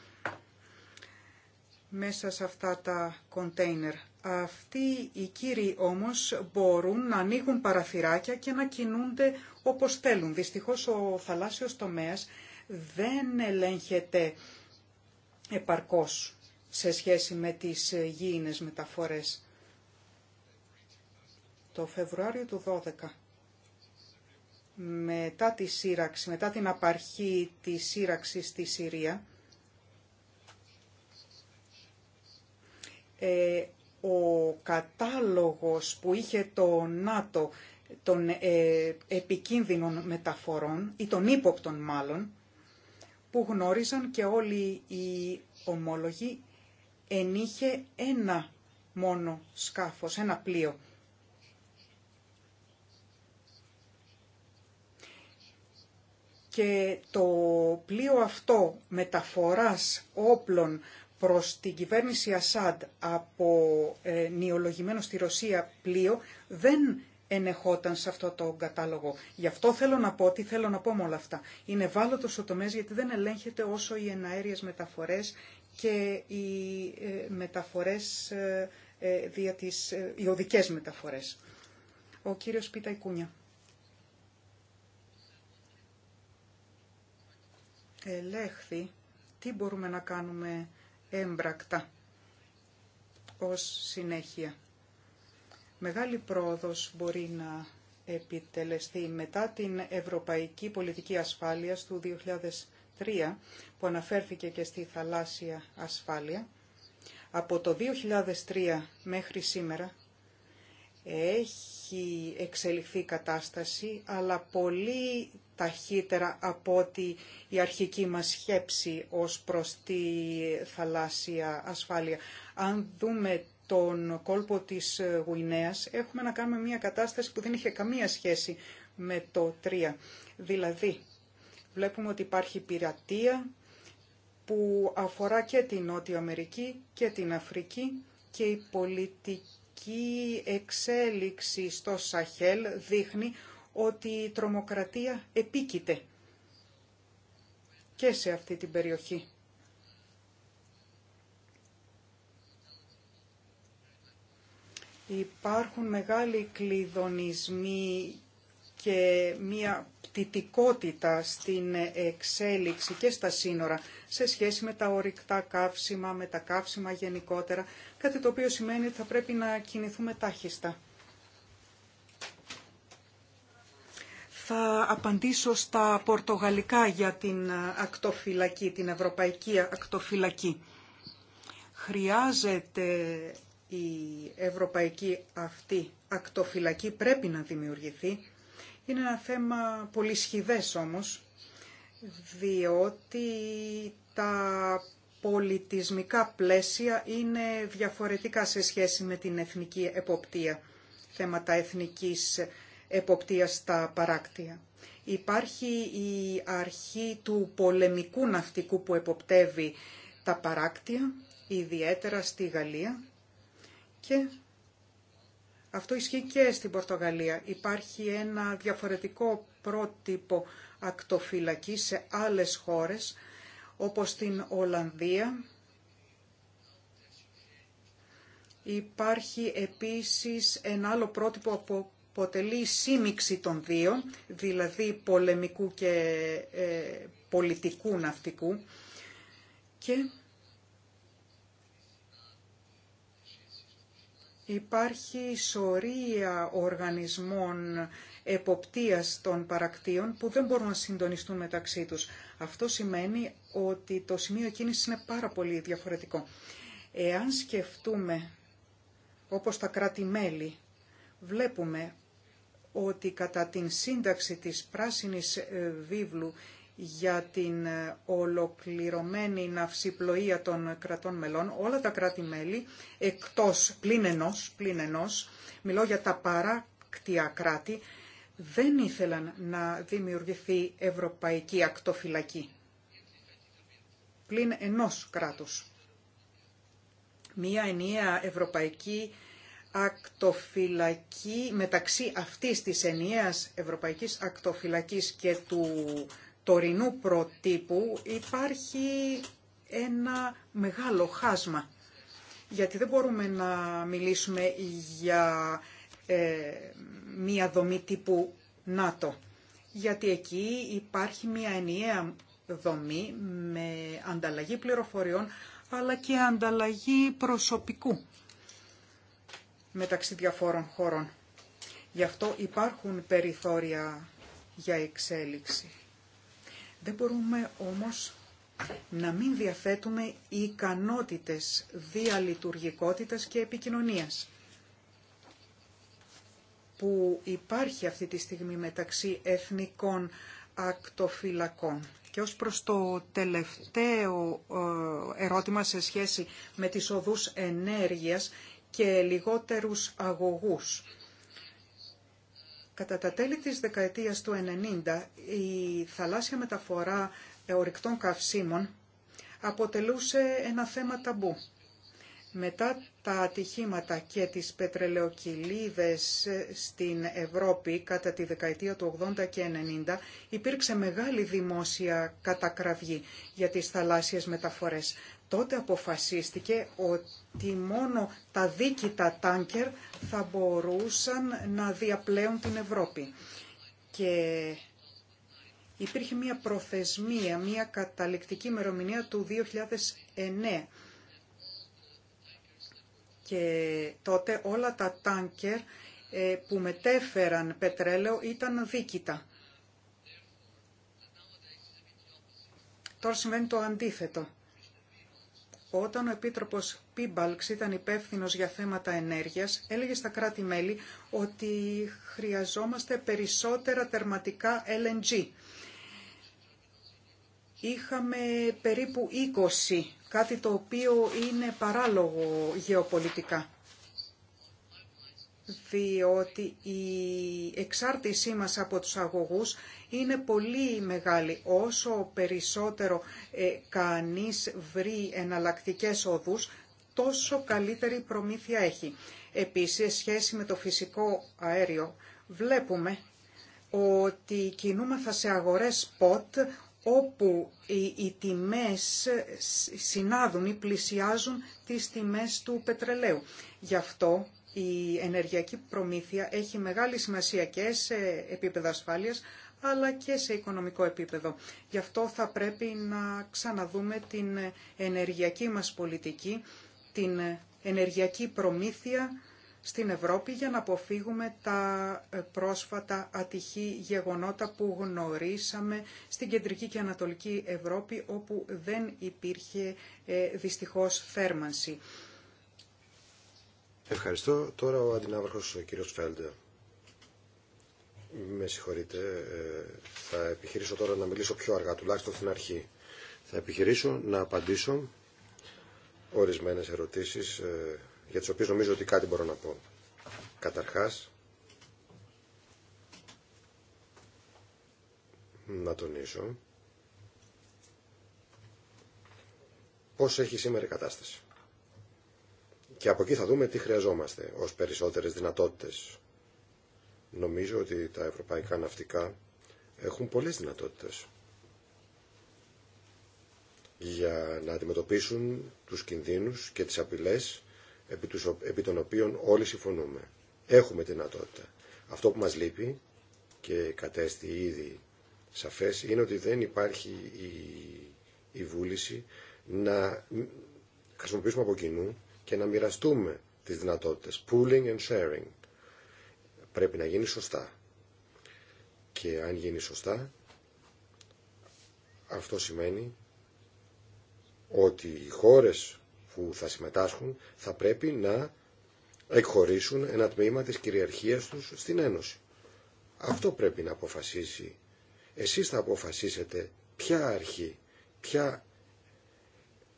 μέσα σε αυτά τα κοντέινερ. Αυτοί οι κύριοι όμως μπορούν να ανοίγουν παραθυράκια και να κινούνται όπως θέλουν. Δυστυχώς ο θαλάσσιος τομέας δεν ελέγχεται επαρκώς σε σχέση με τις γήινες μεταφορές. Το Φεβρουάριο του 12 μετά τη σύραξη, μετά την απαρχή της σύραξης στη Συρία, ε, ο κατάλογος που είχε το ΝΑΤΟ των ε, επικίνδυνων μεταφορών, ή των ύποπτων μάλλον, που γνώριζαν και όλοι οι ομόλογοι, ενήχε ένα μόνο σκάφος, ένα πλοίο. και το πλοίο αυτό μεταφοράς όπλων προς την κυβέρνηση Ασάντ από ε, νιολογημένο στη Ρωσία πλοίο δεν ενεχόταν σε αυτό το κατάλογο. Γι' αυτό θέλω να πω, τι θέλω να πω με όλα αυτά. Είναι βάλωτος ο τομέας γιατί δεν ελέγχεται όσο οι εναέριες μεταφορές και οι ε, μεταφορές, ε, ε, δια τις, ε, οι οδικές μεταφορές. Ο κύριος Πίτα ελέχθη, τι μπορούμε να κάνουμε έμπρακτα ως συνέχεια. Μεγάλη πρόοδος μπορεί να επιτελεστεί μετά την Ευρωπαϊκή Πολιτική Ασφάλεια του 2003 που αναφέρθηκε και στη θαλάσσια ασφάλεια. Από το 2003 μέχρι σήμερα έχει εξελιχθεί η κατάσταση, αλλά πολύ ταχύτερα από ότι η αρχική μας σκέψη ως προς τη θαλάσσια ασφάλεια. Αν δούμε τον κόλπο της Γουινέας, έχουμε να κάνουμε μια κατάσταση που δεν είχε καμία σχέση με το 3. Δηλαδή, βλέπουμε ότι υπάρχει πειρατεία που αφορά και την Νότια Αμερική και την Αφρική και η πολιτική η εξέλιξη στο Σαχέλ δείχνει ότι η τρομοκρατία επίκειται και σε αυτή την περιοχή. Υπάρχουν μεγάλοι κλειδονισμοί και μία πτητικότητα στην εξέλιξη και στα σύνορα σε σχέση με τα ορυκτά καύσιμα, με τα καύσιμα γενικότερα, κάτι το οποίο σημαίνει ότι θα πρέπει να κινηθούμε τάχιστα. Θα απαντήσω στα πορτογαλικά για την ακτοφυλακή, την ευρωπαϊκή ακτοφυλακή. Χρειάζεται η ευρωπαϊκή αυτή ακτοφυλακή, πρέπει να δημιουργηθεί είναι ένα θέμα πολύ σχηδές όμως, διότι τα πολιτισμικά πλαίσια είναι διαφορετικά σε σχέση με την εθνική εποπτεία, θέματα εθνικής εποπτείας στα παράκτια. Υπάρχει η αρχή του πολεμικού ναυτικού που εποπτεύει τα παράκτια, ιδιαίτερα στη Γαλλία, και αυτό ισχύει και στην Πορτογαλία. Υπάρχει ένα διαφορετικό πρότυπο ακτοφυλακή σε άλλες χώρες, όπως στην Ολλανδία. Υπάρχει επίσης ένα άλλο πρότυπο που αποτελεί σύμιξη των δύο, δηλαδή πολεμικού και ε, πολιτικού ναυτικού. Και Υπάρχει σωρία οργανισμών εποπτείας των παρακτήων που δεν μπορούν να συντονιστούν μεταξύ τους. Αυτό σημαίνει ότι το σημείο κίνησης είναι πάρα πολύ διαφορετικό. Εάν σκεφτούμε όπως τα κράτη-μέλη, βλέπουμε ότι κατά την σύνταξη της πράσινης ε, βίβλου για την ε, ολοκληρωμένη ναυσιπλοεία των κρατών μελών, όλα τα κράτη-μέλη, εκτός πλην ενός, μιλώ για τα παράκτια κράτη, δεν ήθελαν να δημιουργηθεί ευρωπαϊκή ακτοφυλακή. Πλην ενός κράτους. Μία ενιαία ευρωπαϊκή ακτοφυλακή μεταξύ αυτής της ενιαίας ευρωπαϊκής ακτοφυλακής και του τωρινού προτύπου υπάρχει ένα μεγάλο χάσμα. Γιατί δεν μπορούμε να μιλήσουμε για ε, μία δομή τύπου ΝΑΤΟ. Γιατί εκεί υπάρχει μία ενιαία δομή με ανταλλαγή πληροφοριών αλλά και ανταλλαγή προσωπικού μεταξύ διαφόρων χωρών. Γι' αυτό υπάρχουν περιθώρια για εξέλιξη. Δεν μπορούμε όμως να μην διαθέτουμε ικανότητες διαλειτουργικότητας και επικοινωνίας που υπάρχει αυτή τη στιγμή μεταξύ εθνικών ακτοφυλακών. Και ως προς το τελευταίο ε, ερώτημα σε σχέση με τις οδούς ενέργειας και λιγότερους αγωγούς Κατά τα τέλη της δεκαετίας του 90, η θαλάσσια μεταφορά ορυκτών καυσίμων αποτελούσε ένα θέμα ταμπού. Μετά τα ατυχήματα και τις πετρελαιοκυλίδες ε, στην Ευρώπη κατά τη δεκαετία του 80 και 90 υπήρξε μεγάλη δημόσια κατακραυγή για τις θαλάσσιες μεταφορές. Τότε αποφασίστηκε ότι ότι μόνο τα δίκητα τάνκερ θα μπορούσαν να διαπλέουν την Ευρώπη. Και υπήρχε μια προθεσμία, μια καταληκτική ημερομηνία του 2009. Και τότε όλα τα τάνκερ ε, που μετέφεραν πετρέλαιο ήταν δίκητα. Τώρα συμβαίνει το αντίθετο. Όταν ο Επίτροπος Πίμπαλξ ήταν υπεύθυνος για θέματα ενέργειας, έλεγε στα κράτη-μέλη ότι χρειαζόμαστε περισσότερα τερματικά LNG. Είχαμε περίπου 20, κάτι το οποίο είναι παράλογο γεωπολιτικά διότι η εξάρτησή μας από τους αγωγούς είναι πολύ μεγάλη. Όσο περισσότερο ε, κανείς βρει εναλλακτικές οδούς, τόσο καλύτερη προμήθεια έχει. Επίσης, σε σχέση με το φυσικό αέριο, βλέπουμε ότι κινούμεθα σε αγορές spot όπου οι, οι τιμές συνάδουν ή πλησιάζουν τις τιμές του πετρελαίου. Γι' αυτό η ενεργειακή προμήθεια έχει μεγάλη σημασία και σε επίπεδο ασφάλειας, αλλά και σε οικονομικό επίπεδο. Γι' αυτό θα πρέπει να ξαναδούμε την ενεργειακή μας πολιτική, την ενεργειακή προμήθεια στην Ευρώπη για να αποφύγουμε τα πρόσφατα ατυχή γεγονότα που γνωρίσαμε στην Κεντρική και Ανατολική Ευρώπη όπου δεν υπήρχε ε, δυστυχώς θέρμανση. Ευχαριστώ. Τώρα ο αντινάβαρχος ο κύριος Φέλντερ. Με συγχωρείτε, ε, θα επιχειρήσω τώρα να μιλήσω πιο αργά, τουλάχιστον στην αρχή. Θα επιχειρήσω να απαντήσω ορισμένες ερωτήσεις ε, για τις οποίες νομίζω ότι κάτι μπορώ να πω. Καταρχάς, να τονίσω πώς έχει σήμερα η κατάσταση. Και από εκεί θα δούμε τι χρειαζόμαστε ως περισσότερες δυνατότητες. Νομίζω ότι τα ευρωπαϊκά ναυτικά έχουν πολλές δυνατότητες για να αντιμετωπίσουν τους κινδύνους και τις απειλές επί των οποίων όλοι συμφωνούμε. Έχουμε δυνατότητα. Αυτό που μας λείπει και κατέστη ήδη σαφές είναι ότι δεν υπάρχει η, η βούληση να χρησιμοποιήσουμε από κοινού και να μοιραστούμε τις δυνατότητες. Pooling and sharing. Πρέπει να γίνει σωστά. Και αν γίνει σωστά, αυτό σημαίνει ότι οι χώρες που θα συμμετάσχουν θα πρέπει να εκχωρήσουν ένα τμήμα της κυριαρχίας τους στην Ένωση. Αυτό πρέπει να αποφασίσει. Εσείς θα αποφασίσετε ποια αρχή, ποια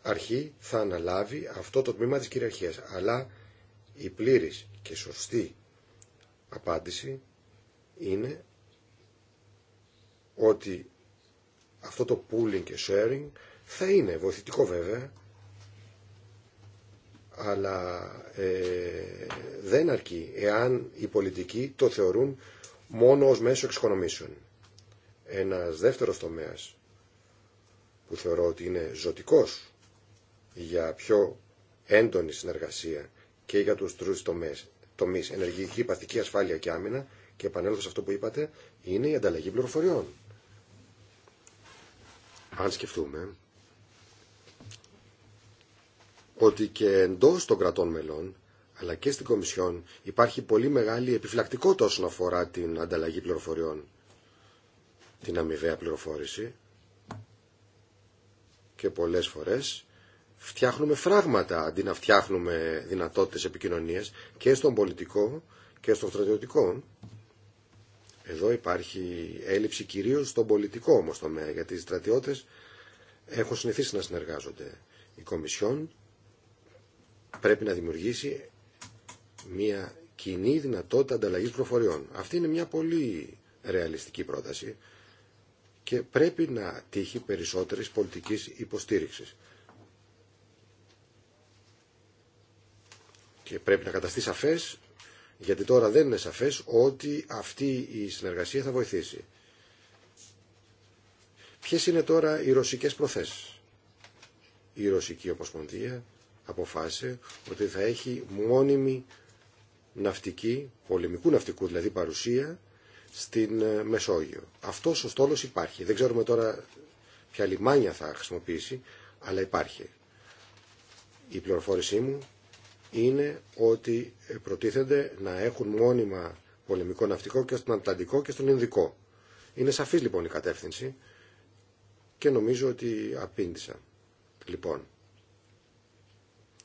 αρχή θα αναλάβει αυτό το τμήμα της κυριαρχίας. Αλλά η πλήρης και σωστή απάντηση είναι ότι αυτό το pooling και sharing θα είναι βοηθητικό βέβαια, αλλά ε, δεν αρκεί εάν οι πολιτικοί το θεωρούν μόνο ως μέσο εξοικονομήσεων. Ένας δεύτερος τομέας που θεωρώ ότι είναι ζωτικός για πιο έντονη συνεργασία και για τους τρεις τομείς, τομείς ενεργική, ασφάλεια και άμυνα και επανέλθω σε αυτό που είπατε, είναι η ανταλλαγή πληροφοριών. Αν σκεφτούμε ότι και εντός των κρατών μελών αλλά και στην Κομισιόν υπάρχει πολύ μεγάλη επιφυλακτικότητα όσον αφορά την ανταλλαγή πληροφοριών, την αμοιβαία πληροφόρηση και πολλές φορές φτιάχνουμε φράγματα αντί να φτιάχνουμε δυνατότητες επικοινωνίας και στον πολιτικό και στον στρατιωτικό. Εδώ υπάρχει έλλειψη κυρίως στον πολιτικό όμως τομέα, γιατί οι στρατιώτες έχουν συνηθίσει να συνεργάζονται. Η Κομισιόν πρέπει να δημιουργήσει μια κοινή δυνατότητα ανταλλαγής προφοριών. Αυτή είναι μια πολύ ρεαλιστική πρόταση και πρέπει να τύχει περισσότερης πολιτικής υποστήριξης. Και πρέπει να καταστεί σαφέ, γιατί τώρα δεν είναι σαφές, ότι αυτή η συνεργασία θα βοηθήσει. Ποιε είναι τώρα οι ρωσικές προθέσεις. Η Ρωσική Ομοσπονδία αποφάσισε ότι θα έχει μόνιμη ναυτική, πολεμικού ναυτικού δηλαδή παρουσία, στην ε, Μεσόγειο. Αυτό ο στόλο υπάρχει. Δεν ξέρουμε τώρα ποια λιμάνια θα χρησιμοποιήσει, αλλά υπάρχει. Η πληροφόρησή μου είναι ότι προτίθενται να έχουν μόνιμα πολεμικό ναυτικό και στον Ατλαντικό και στον Ινδικό. Είναι σαφής λοιπόν η κατεύθυνση και νομίζω ότι απήντησα. Λοιπόν,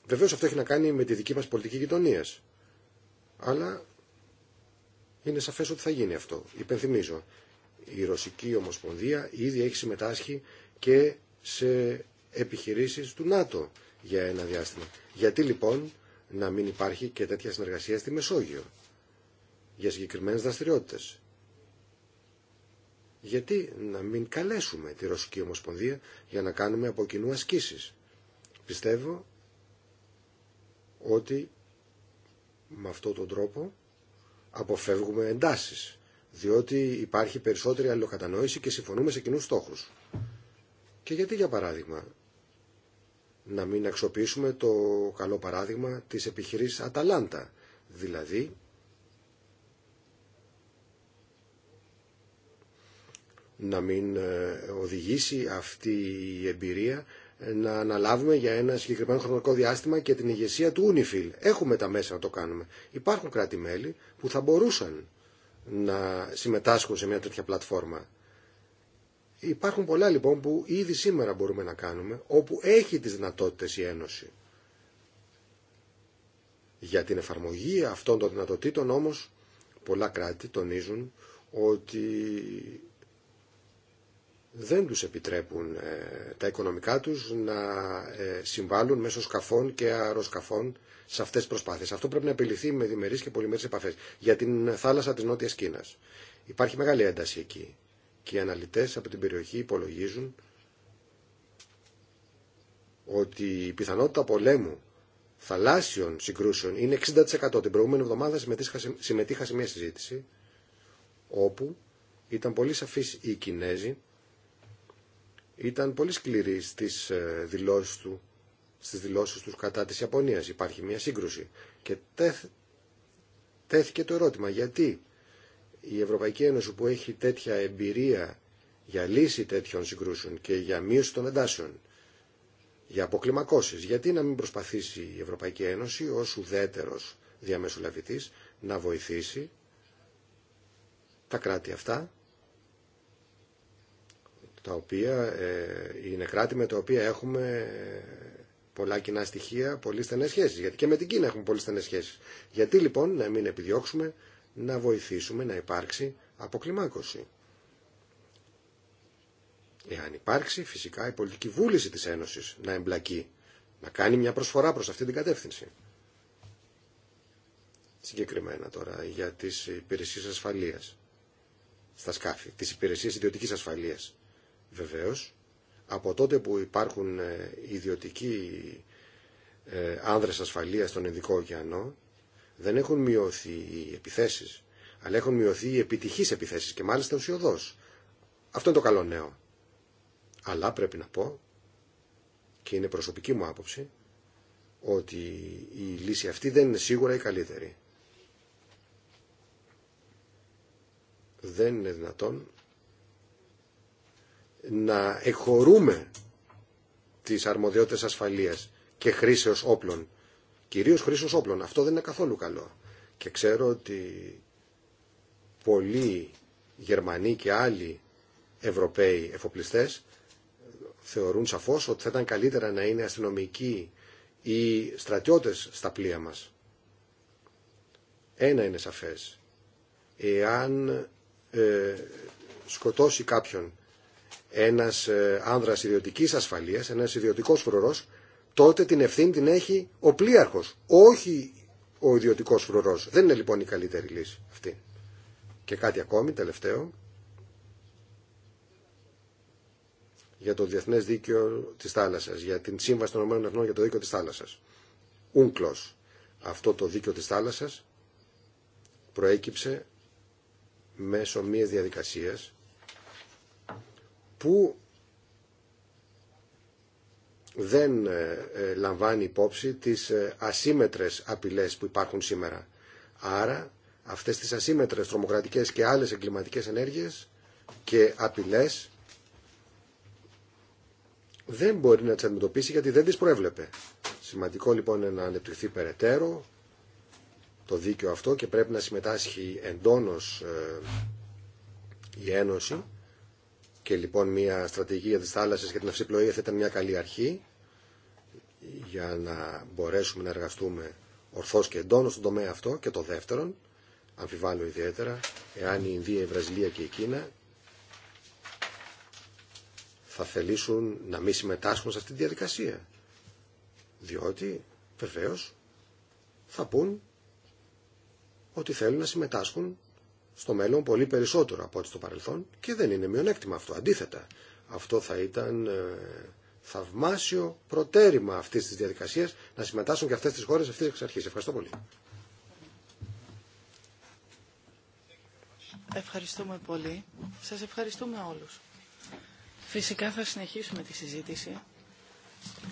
βεβαίως αυτό έχει να κάνει με τη δική μας πολιτική γειτονία. Αλλά είναι σαφές ότι θα γίνει αυτό. Υπενθυμίζω, η Ρωσική Ομοσπονδία ήδη έχει συμμετάσχει και σε επιχειρήσεις του ΝΑΤΟ για ένα διάστημα. Γιατί λοιπόν να μην υπάρχει και τέτοια συνεργασία στη Μεσόγειο για συγκεκριμένε δραστηριότητε. Γιατί να μην καλέσουμε τη Ρωσική Ομοσπονδία για να κάνουμε από κοινού ασκήσει. Πιστεύω ότι με αυτόν τον τρόπο αποφεύγουμε εντάσει, διότι υπάρχει περισσότερη αλληλοκατανόηση και συμφωνούμε σε κοινού στόχου. Και γιατί, για παράδειγμα, να μην αξιοποιήσουμε το καλό παράδειγμα της επιχειρήσης Αταλάντα. Δηλαδή, να μην ε, οδηγήσει αυτή η εμπειρία ε, να αναλάβουμε για ένα συγκεκριμένο χρονικό διάστημα και την ηγεσία του Unifil. Έχουμε τα μέσα να το κάνουμε. Υπάρχουν κράτη-μέλη που θα μπορούσαν να συμμετάσχουν σε μια τέτοια πλατφόρμα. Υπάρχουν πολλά λοιπόν που ήδη σήμερα μπορούμε να κάνουμε, όπου έχει τις δυνατότητες η Ένωση. Για την εφαρμογή αυτών των δυνατοτήτων όμως, πολλά κράτη τονίζουν ότι δεν τους επιτρέπουν ε, τα οικονομικά τους να ε, συμβάλλουν μέσω σκαφών και αεροσκαφών σε αυτές τις προσπάθειες. Αυτό πρέπει να επιληθεί με διμερείς και πολυμερείς επαφές. Για την θάλασσα της Νότιας Κίνας. Υπάρχει μεγάλη ένταση εκεί και οι αναλυτές από την περιοχή υπολογίζουν ότι η πιθανότητα πολέμου θαλάσσιων συγκρούσεων είναι 60%. Την προηγούμενη εβδομάδα συμμετείχα σε μια συζήτηση όπου ήταν πολύ σαφής οι Κινέζοι, ήταν πολύ σκληροί στις ε, δηλώσεις, του, στις δηλώσεις τους κατά της Ιαπωνίας. Υπάρχει μια σύγκρουση. Και τέθηκε το ερώτημα γιατί η Ευρωπαϊκή Ένωση που έχει τέτοια εμπειρία για λύση τέτοιων συγκρούσεων και για μείωση των εντάσεων, για αποκλιμακώσεις, γιατί να μην προσπαθήσει η Ευρωπαϊκή Ένωση ως ουδέτερο διαμεσολαβητής να βοηθήσει τα κράτη αυτά, τα οποία είναι κράτη με τα οποία έχουμε ε, πολλά κοινά στοιχεία, πολύ στενέ σχέσει. Γιατί και με την Κίνα έχουμε πολύ στενέ σχέσει. Γιατί λοιπόν να μην επιδιώξουμε να βοηθήσουμε να υπάρξει αποκλιμάκωση. Εάν υπάρξει φυσικά η πολιτική βούληση της Ένωσης να εμπλακεί, να κάνει μια προσφορά προς αυτή την κατεύθυνση. Συγκεκριμένα τώρα για τις υπηρεσίες ασφαλείας στα σκάφη, τις υπηρεσίες ιδιωτικής ασφαλείας. Βεβαίως, από τότε που υπάρχουν ε, ιδιωτικοί ε, άνδρες ασφαλείας στον Ειδικό Ωκεανό, δεν έχουν μειωθεί οι επιθέσεις, αλλά έχουν μειωθεί οι επιτυχεί επιθέσεις και μάλιστα ουσιοδό. Αυτό είναι το καλό νέο. Αλλά πρέπει να πω, και είναι προσωπική μου άποψη, ότι η λύση αυτή δεν είναι σίγουρα η καλύτερη. Δεν είναι δυνατόν να εχωρούμε τις αρμοδιότητες ασφαλείας και χρήσεως όπλων κυρίως χρήσεως όπλων. Αυτό δεν είναι καθόλου καλό. Και ξέρω ότι πολλοί Γερμανοί και άλλοι Ευρωπαίοι εφοπλιστές θεωρούν σαφώς ότι θα ήταν καλύτερα να είναι αστυνομικοί ή στρατιώτες στα πλοία μας. Ένα είναι σαφές. Εάν ε, σκοτώσει κάποιον ένας ε, άνδρας ιδιωτικής ασφαλείας, ένας ιδιωτικός φρουρός, τότε την ευθύνη την έχει ο πλοίαρχος, όχι ο ιδιωτικός φρουρός. Δεν είναι λοιπόν η καλύτερη λύση αυτή. Και κάτι ακόμη, τελευταίο, για το Διεθνές Δίκαιο της Θάλασσας, για την Σύμβαση των ΗΠΑ για το Δίκαιο της Θάλασσας. Ούγκλος. Αυτό το Δίκαιο της Θάλασσας προέκυψε μέσω μιας διαδικασίας που δεν ε, ε, λαμβάνει υπόψη τις ε, ασύμετρες απειλές που υπάρχουν σήμερα. Άρα αυτές τις ασύμετρες τρομοκρατικές και άλλες εγκληματικές ενέργειες και απειλές δεν μπορεί να τις αντιμετωπίσει γιατί δεν τις προέβλεπε. Σημαντικό λοιπόν είναι να ανεπτυχθεί περαιτέρω το δίκαιο αυτό και πρέπει να συμμετάσχει εντόνως η Ένωση και λοιπόν μια στρατηγία της θάλασσας για την αυσιπλοεία θα ήταν μια καλή αρχή για να μπορέσουμε να εργαστούμε ορθώς και εντόνως στον τομέα αυτό και το δεύτερον, αμφιβάλλω ιδιαίτερα, εάν η Ινδία, η Βραζιλία και η Κίνα θα θελήσουν να μην συμμετάσχουν σε αυτή τη διαδικασία. Διότι, βεβαίω, θα πούν ότι θέλουν να συμμετάσχουν στο μέλλον πολύ περισσότερο από ό,τι στο παρελθόν και δεν είναι μειονέκτημα αυτό. Αντίθετα, αυτό θα ήταν ε, θαυμάσιο προτέρημα αυτή τη διαδικασία να συμμετάσχουν και αυτέ τι χώρε αυτή εξ αρχή. Ευχαριστώ πολύ. Ευχαριστούμε πολύ. Σας ευχαριστούμε όλους. Φυσικά θα συνεχίσουμε τη συζήτηση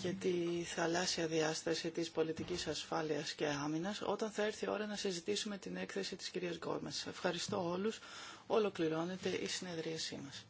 για τη θαλάσσια διάσταση της πολιτικής ασφάλειας και άμυνας όταν θα έρθει η ώρα να συζητήσουμε την έκθεση της κυρίας Γκόμες. Ευχαριστώ όλους. Ολοκληρώνεται η συνεδρίασή μας.